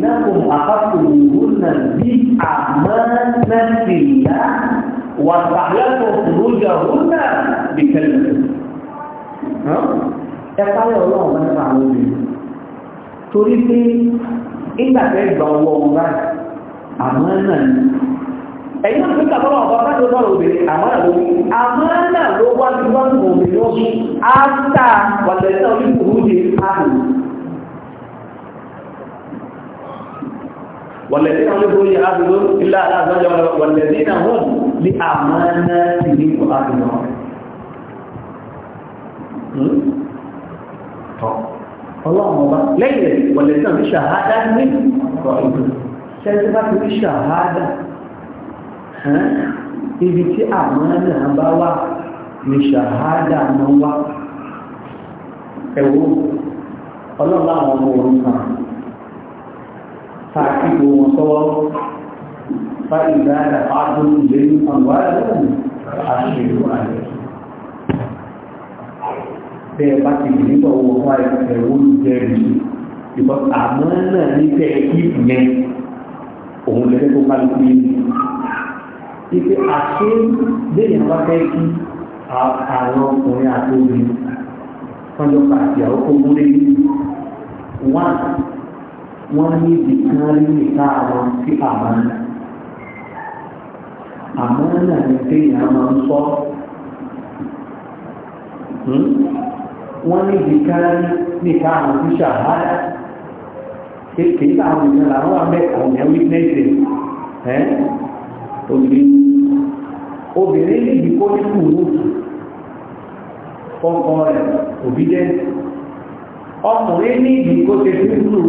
nípa àwọn obìnrin torí pé ìgbàfẹ́ gba owó ọmọ báyìí àmọ́ náà ni ẹ̀yìn náà pín kàbọ́lọ̀ ọ̀pá bá tó sọ́rọ̀ obìnrin àmọ́ náà lórí àmọ́ náà ló wá sí wá sí obìnrin ó sún áńtà wàlẹ̀ náà ní kùrú di ààrùn wàlẹ̀ tí wọ́n ní kúrú di ààrùn ilá àgbájọ wàlẹ̀ tí náà wọ́n ní àmọ́ náà sì ní kùrú ààrùn náà ọlọ́run ọba lẹ́yìn rẹ̀ wọ̀lẹ̀ náà ní ṣàhádá ní ọ̀rọ̀ ìlú ṣẹ́ńtì bá ti ní ṣàhádá ibi tí àwọn náà bá wà ní ṣàhádá máa wá ẹ̀wọ́ ọlọ́run àwọn ọmọ òun kan tààkì bò wọn sọ́wọ́ bá ìgbà àdàpá tó àṣírí wọn bẹ́ẹ̀ bá ti lè nígbà owó wá ẹ̀wọ́ jẹ́rì ìbọ̀ àmọ́ náà ní tẹ́ ìpù yẹn òun lẹ́gbẹ́ tó bá lè fi ipe àṣẹ lẹ́yìn bá fẹ́ kí àwọn ọkùnrin àti obìnrin kọjọ pàṣẹ àwọn ogun lé wá wọ́n ní ìdíkan rí àwọn sí àmọ́ náà àmọ́ náà ní tẹ́yìn àwọn sọ. Hmm? wọ́n ní nìkan nìkan àwọn tó ṣàhádà kéèké láwọn èèyàn làwọn wà mẹ́ àwọn èèyàn wípẹ́sì ẹ́ obìnrin obìnrin lè ní kó ní kùrú ọkọ rẹ̀ òbí jẹ́ ọkùnrin ní ìdí kó ṣe kúrú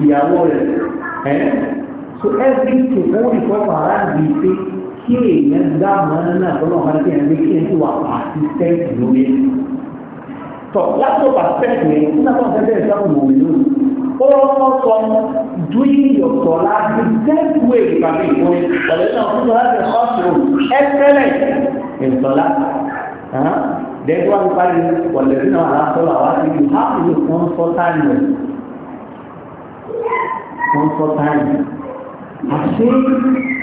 ìyàwó rẹ̀ ẹ́ so every two only for around the same kí èèyàn dá màá náà tọ́lọ́ ọ̀hán kí èèyàn lè kí èèyàn ti wà pàṣẹ sẹ́ẹ̀tì lórí. tọ́ látọ̀ pàṣẹ sẹ́ẹ̀tì rẹ̀ nígbà tó ń fẹ́ bẹ́ẹ̀ sábà mọ̀ wílò ọlọ́pọ̀ sọ doing your tọ́lá the best way ìpàdé ìfún ọ̀lẹ́ náà fún tọ́lá ti ọ̀sùn ẹ̀fẹ́lẹ̀ ìtọ́lá dẹ́gbẹ́ wọn parí ọ̀lẹ́ náà aláṣọ́lá wá sí you have to consult time consult time àṣé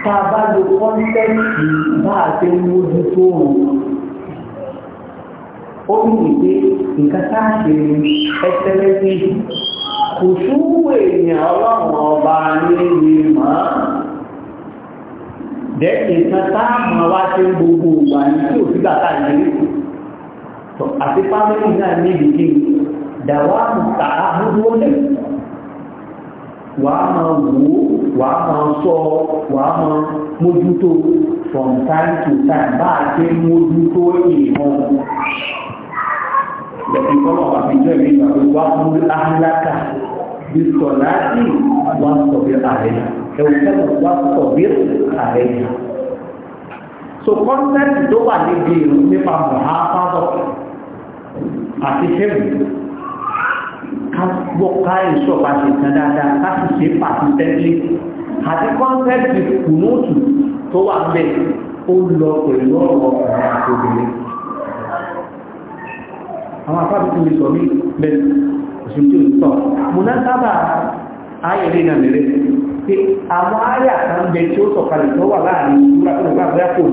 tá a bá lo kọ́ńtẹ́ǹtì bá a ṣe ń mójú tó o ó ní ìpè nǹkan tá a ṣe ẹsẹ̀lẹ́sì kò súnwó èèyàn ọlọ́run ọba nílé mọ́ dẹ́kun kan tá a mọ̀ wá ṣe ń gbogbo ìgbà ní tí ò sígbà tá àti pàmílì náà níbi kí dàwa mùtàkà wàá máa wò ó wàá máa sọ ọ wàá máa mójútó from time to time bá a ṣe mójútó ìmọ̀ lẹ́yìn kọ́nà àbíjọ́ ìlú ìgbàgbé wàá mú áhùlákà bí sọ̀lá sí wàá sọ̀ bí ààrẹ ẹ̀wọ̀n kẹ́lẹ̀ wàá sọ̀ bí ààrẹ yìí so concept tó wà níbi ìrún nípa mọ̀háfáàbọ̀ àti ṣẹ́gun ká gbọ́ ká ìṣọ́ bá ṣe kan dáadáa ká sì ṣe pàtó tẹ́lẹ̀ àti kọ́ńtẹ́ẹ̀tì kùnúùtù tó wà bẹ́ẹ̀ ó lọ pẹ̀lú ọ̀rọ̀ ọ̀rọ̀ àtòbìnrin àwọn afáàbí tí mi sọ ní bẹ́ẹ̀ òṣèlú tí ó sọ mùnásábà ayé ní nàmẹ́rẹ́ pé àwọn ayé àkàǹbẹ tí ó sọ̀kalẹ̀ tó wà láàrin ìṣúra tó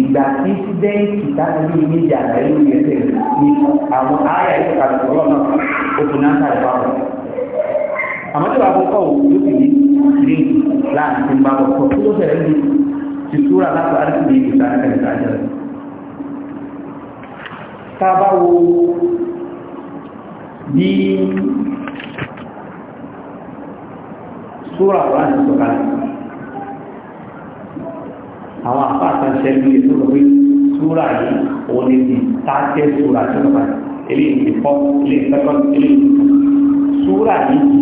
ìgbà tí sídẹ́ǹtì tábìlì méjì àgbáyé ló yẹ tẹ̀ ní àwọn àyà yìí kàdé ọ̀rọ̀ náà oṣù náà ń tà ìfà wọn. àmọ́ tí wàá fọ́ kọ́ òun ló sì ní ní láàrin tí ń bá wọ̀ kọ́ tó fẹ̀rẹ̀ ní ti túra látọ̀ àdìsí ní ìgbà kẹrìndà jẹ́ tá a bá wo bí súra wà ní sọ̀kalẹ̀ àwọn apá àtàṣẹ bí i tó lórí súra yìí òun ni di tààtẹ súra tó lọ́pàá ilé ìfọ́ ilé ìfẹ́kọ́ ilé ìfọ́ súra yìí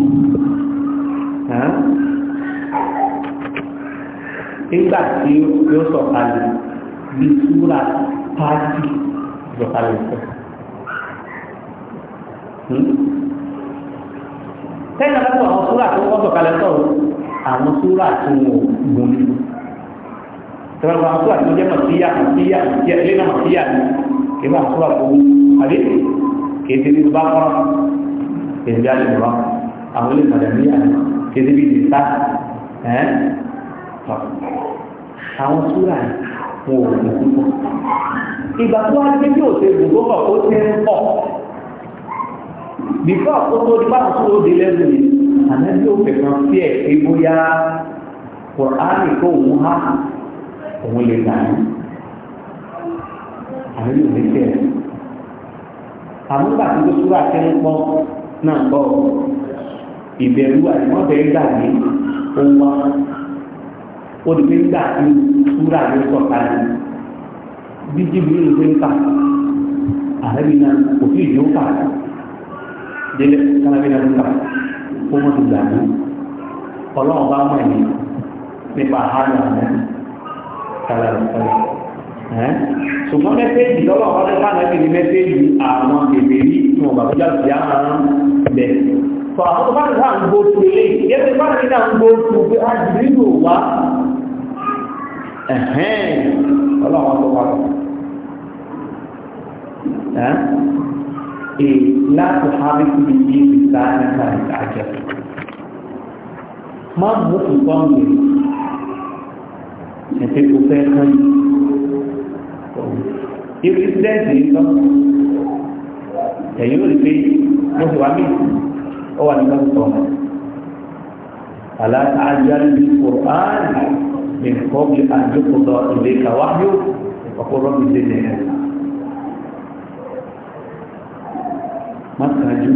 nígbà tí yóò sọ̀kalẹ̀ bí súra pàtì sọ̀kalẹ̀ ìfẹ́ hmm? tẹ́lẹ̀ lọ́pọ̀ àwọn súra tó wọ́n sọ̀kalẹ̀ sọ̀rọ̀ àwọn súra tó wọ́n gbòmìnira tẹ́wọ́n bá sọ àti ọjọ́ màtíyà màtíyà màtíyà ilé náà màtíyà ni kí wọ́n sọ àkókò àbí kéde bí bá kọ́ kéde bí alẹ́ bá àwọn ilé màdàmíyà kéde bí nìta ẹ́ àwọn súrà wọn ò ní púpọ̀ ìgbà tó wá dé bí òṣè gbogbo ó ti ń pọ̀ bífọ́ àkókò òun lè gbà yín àwọn yóò lè tẹ̀ àwọn gbà tó tó súrà tẹ́ ń pọ́ náà gbọ́ ìbẹ̀rù àìmọ́bẹ̀ẹ́ gbà ní ohun wa ó lè fi ń gbà tí súrà ló sọ̀kalẹ̀ bí jìbìrì ló fi ń kà àrẹ́bí náà kò sí kà délé kálábí náà ló kà ó mọ̀ tó gbà ní ọlọ́run bá mọ̀ ẹ̀mí nípa àárẹ̀ àwọn sára sára ṣùgbọ́n mẹ́sẹ́jì lọ́wọ́ ọ̀pọ̀lọpọ̀ sáàlẹ́bì ní mẹ́sẹ́jì àwọn èdè rí tí wọ́n bá fújá sí àwọn bẹ̀ fọ àwọn tó bá ti sáà ń gbó tu ilé ìyẹ́ tó bá ti sáà ń gbó tu pé a jì nínú wa ọlọ́wọ́n tó wà lọ láti hábí kú ní yí ìsáà nípa ìdájọ́ má mú ìtọ́nù ẹ̀fẹ́ kò fẹ́ kán yìí irú ìsídẹ́ǹtì yìí tán ẹ̀yìn ò rí pé mo ti wá mí ọ wà nígbà tó tọ̀ aláta ajáde bí kòrán lè kọ́ bí àjókòtò ìlé kàwáyò ọ̀pọ̀lọ́ mi dé ní ẹ̀ má kàájú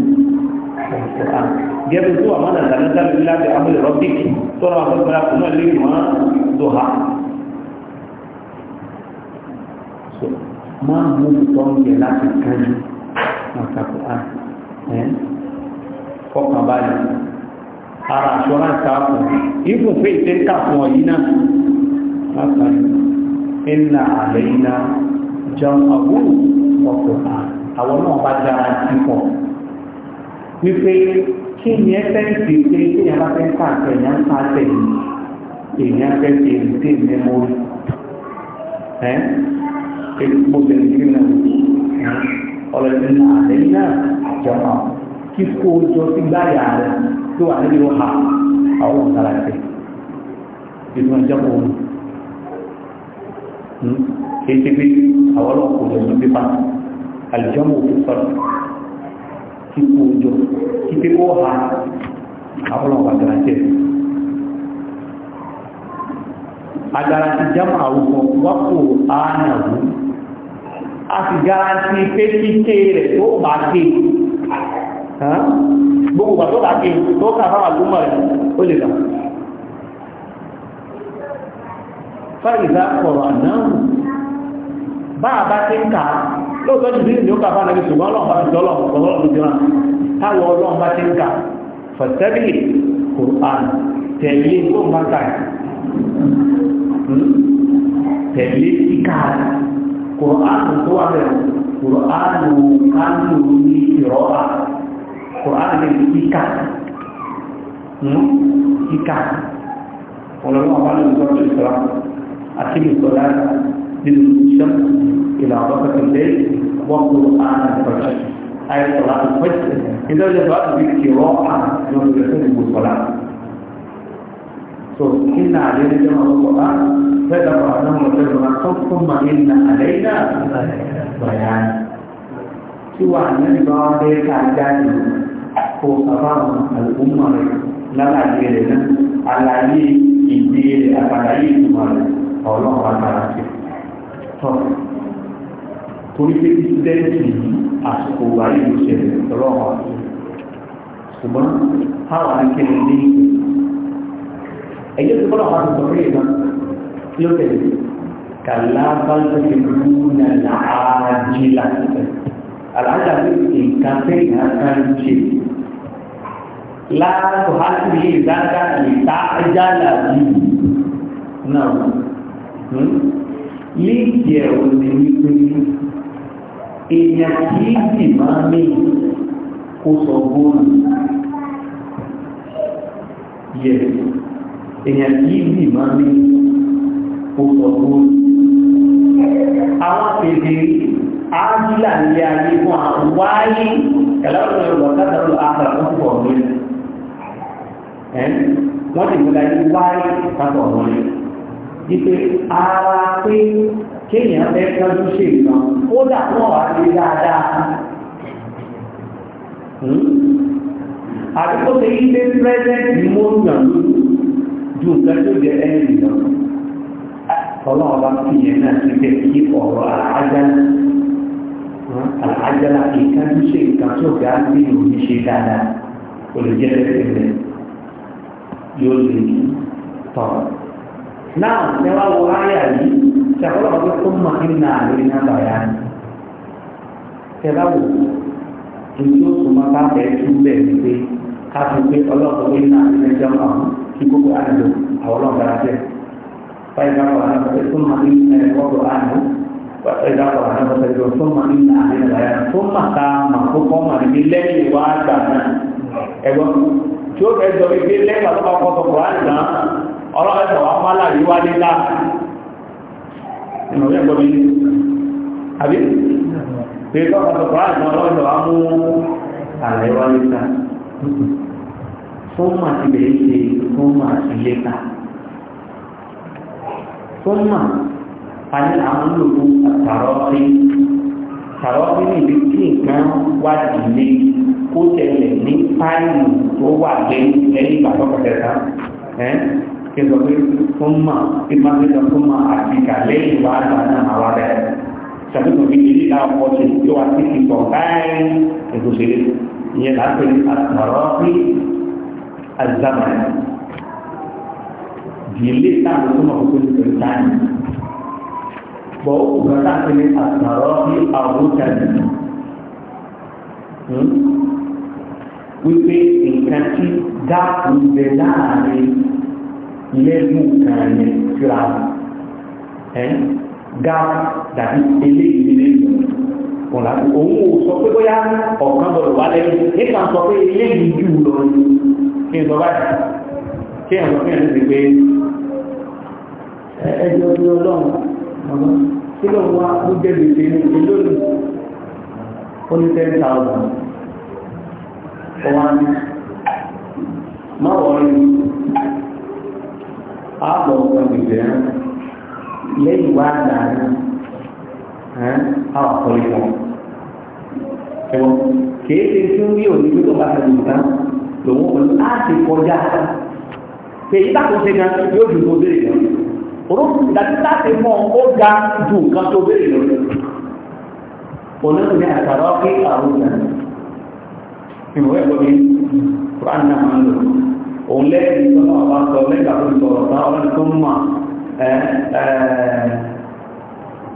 kòrán gẹ́gẹ́ tó wà má nàdàlẹ́ta bí láti amúlẹ̀ rọ́bìkì tó rà wà fún ìgbàlá kò náà lè mọ́ máa ń mú ìtọ́ oúnjẹ láti kánjú àtàkù á fọkàn balẹ̀ ara assurance àpò ìfún pé ìtẹ́ka fún ọ̀yí náà látàrí ìlà àlẹ́ iná jẹun àbúrò ọ̀pọ̀ àwọn náà bá dára sí pọ̀ wípé kí ni ẹ fẹ́ fi pé èèyàn bá fẹ́ káàkiri èèyàn ń pàṣẹ èèyàn fẹ́ fi èrè tí ìmẹ́mọ́rí المجرمين ọlọ́dún náà lẹ́yìn náà jọmọ́ kí kó jọ sí gbáyà rẹ̀ tó wà níbi ló ha àwọn ọ̀sára ẹ̀fẹ́ ìtumọ̀ ìjọba Awal kìí ṣe pé àwọn al jamu jọ sí pípa àlùjọ́mọ̀ òfin sọ̀rọ̀ kí kó jọ kí pé ó ha àwọn a sì garanti pé kíké rẹ̀ tó bá ké gbogbo ìgbà tó bá ké tó kà fáwọn àgbọmọ rẹ̀ ó lè gbà. fáìlìsà kọ̀rọ̀ àná bá a bá ti ń kà á lóòótọ́ jù nílùú yóò kà fáwọn ẹgbẹ́ ṣùgbọ́n tẹ̀lé tó ń bá kà hmm? tẹ̀lé kíkà rẹ̀ kùránù tó wà bẹ̀rẹ̀ kùránù kánú ní ìrọ́bà kùránù ní kíkà hmm? kíkà ọlọ́run àbálẹ̀ ìjọba ìṣọ́ra àti ìṣọ́ra nínú ìṣẹ́ ìlànà pẹ̀lẹ́ wọ́n kùránù pẹ̀lẹ́ ayé sọ̀rọ̀ àti pẹ̀lẹ́ ìjọba ìṣọ́ra àti ìṣọ́ra تو إن علينا جمع القرآن فدر أنه وتدر ثم إن علينا بيان سوى أن نبقى ذلك عجاج هو صفاء الأمة لما جيرنا على ìdíyelé àpàdáyé ìtumọ̀ rẹ̀ ọlọ́run agbára sí tọ́ torí pé sídẹ́ǹtì yìí àsìkò wáyé ló ṣẹlẹ̀ ọlọ́run àti ṣùgbọ́n táwọn akéde ní ìgbésẹ̀ ellos se fueron a corriendo yo te digo calaban tafiruna la ágila alága ni nǹkan tẹ nǹkan ń ṣe láàárọ̀ hásìlì ìdáka ìta ajálà yìí náà líìkì ẹ̀rọ ni wípé èèyàn kì í sì máa mí kó sọ góòlù yẹ̀rọ èèyàn kì í bì máa ní kó sọ tó àwọn pèsè ágílà nílé ayé fún àwọn wáyé ẹ̀lọ́rọ̀ ìwọ̀n látàrọ̀ àgbà fún pọ̀ lórí ẹ̀ wọ́n ti múlá yí wáyé látọ̀ lórí wípé ara pé kéèyàn fẹ́ kánjú ṣe ìtàn ó ọ̀rọ̀ ju nǹkan tó jẹ ẹ̀rì lọ ọlọ́run bá fi yẹn náà síbẹ̀ kí ọ̀rọ̀ àájálá àájálá nǹkan tó ṣe nǹkan tó ga bí òní ṣe dáadáa olùjẹ́ lẹ́sẹ̀ yóò lè tọ̀. náà ẹ wá wo áyà yìí ṣàkóso ọ̀gbẹ́ tó mọ̀ nínú àlè náà bàyà ni ẹ bá wò ní tí ó máa bá bẹ̀ẹ́ tún bẹ̀ẹ́ pé ká fi pé ní àlè náà kíkókó àjò àwọn ọlọ́ọ̀dára jẹ́ fáìlì àwọn àlọ́fẹ́ tó máa ní ẹ̀rọ àánú fáìlì àwọn àlọ́fẹ́ tó máa ní àárín ìlàyà tó máa ta mà kó kọ́ mà níbi lẹ́yìn ìwà àgbà náà ẹ̀gbọ́ tí ó fẹ́ sọ wípé lẹ́yìn àlọ́fà kọ́tọ̀ kọ́ àìsà ọlọ́fẹ́sọ̀ wa má láàrí wá nílá ìmọ̀ bí ẹ̀gbọ́n mi àbí pé kọ́tọ̀ kọ́ àìsà ọlọ́fẹ́sọ̀ wa mú àlẹ́ wá nílá fọ́ọ̀mù àti lè ṣe fọ́ọ̀mù àti lẹ́ta fọ́ọ̀mù àti àwọn olùkú àtàrọ́ọ̀rí àtàrọ́ọ̀rí níbi kí nǹkan wá dìde kó tẹ̀lé ní fáìlì tó wà lẹ́yìn lẹ́yìn ìgbà tọkọtẹ̀ tán kí n sọ pé fọ́ọ̀mù kí n máa ń sọ fọ́ọ̀mù àti ìkàlẹ́yìn wà àgbà náà máa wá bẹ́ẹ̀ tàbí kò ní ìdílé náà pọ̀ sí yóò wá sí ìkọ̀ báyìí ètò ìṣèlú ìyẹn láti àtàrọ́ọ̀rí azamani dìlé táwọn tó máa kókó nítorí táyì bọ òkúta táwọn ní àtàrọ ní àwòrán wípé nǹkan tí dáàbò ń bẹ láàrin lẹ́nu kan yẹn kíra ẹ́ dáàbò dàbí eléyìí lẹ́nu òun ò sọ pé bóyá ọ̀kan bọ̀rọ̀ wálé nípa sọ pé eléyìí jù lọ yìí kí n sọ báyìí kí n sọ fún ẹni sí pé ẹjọ́ ní ọlọ́run ọ̀nà kí wá ó jẹ́ gbèsè ní ìlónì ó ní ten thousand ó wá ní má wọlé ààbọ̀ ọ̀gbọ̀n gbèsè rẹ̀ lẹ́yìn wá dàrú àwọn àkọlé wọn ẹ̀wọ̀n kìí ṣe tí ó rí òní tó bá ṣe lòun pẹ̀lú láti kọjá èyí tàbí ṣe gan yóò ju tó béèrè lọ orúkú ìdájú láti mọ ó ga ju nǹkan tó béèrè lọ olóògbé àtàrà pé àwọn ìgbà ìmọ̀ ẹ̀gbọ́n mi rán náà máa ń lò òun lẹ́yìn tó náà bá sọ lẹ́gbà tó sọ̀rọ̀ tá ọlọ́run tó mọ̀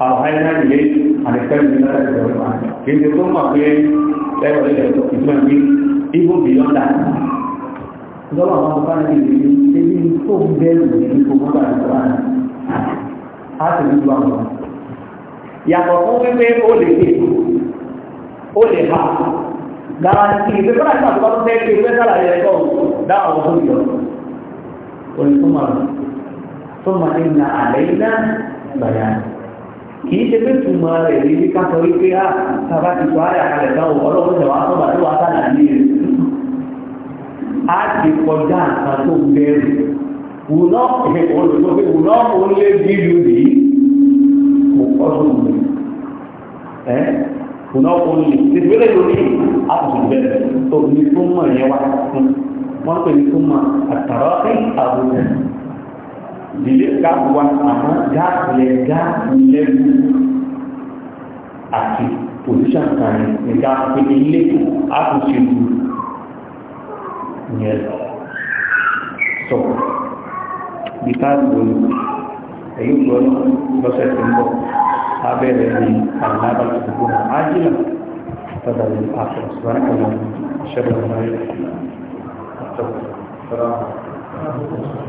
àwọn àìsàn ilé àdìsẹ́yìn nígbà tó sọ̀rọ̀ kí n ti tó mọ̀ pé ẹgbẹ̀rún ìjọba ìgbà even beyond that. Lọ́wọ́ àwọn ọmọkànlá ti rí ebi tó ń bẹ̀rù ní gbogbo àgbà á sì ní gbogbo àwọn. Yàtọ̀ fún wípé ó lè ké, ó lè ha, garanti ìgbé fún àti àtúbọ̀ tó fẹ́ ké fẹ́ sára rẹ̀ lọ dá àwọn tó yọ. Orí tó máa tó máa ní na àlẹ́ iná gbàyà kì í ṣe pé tùmọ̀ rẹ̀ ní bí ká sọ wípé á ah, tàbá ti sọ àyà kalẹ̀ kan wọ ọlọ́wọ́ tẹ̀wá sọ́gbà tó wà sálà ní rẹ̀ á ti kọjá àkàn tó ń bẹ̀rù wùnà olùsọ́fẹ́ wùnà onílé bílíù yìí kò kọ́sùn mi ẹ́ wùnà onílé ìpínlẹ̀ lórí àtùbẹ̀ tó ní túmọ̀ yẹn wá fún wọ́n pè ní túmọ̀ àtàrọ́ àbúrò dìde gáàsì wa àmọ́ gáàsì lẹ gáàsì lẹ́nu àti pòlíṣà kan ní gáàsì pé ilé àtúnṣe ju yẹn lọ sọ bí káàdì wọlé èyí gbọ́dọ̀ lọ́sẹ̀ tó ń bọ̀ abẹ́rẹ́ ní àwọn abájọ́ gbogbo àjílà فضل الآخرة سبحانك اللهم أشهد أن لا إله إلا أنت أستغفرك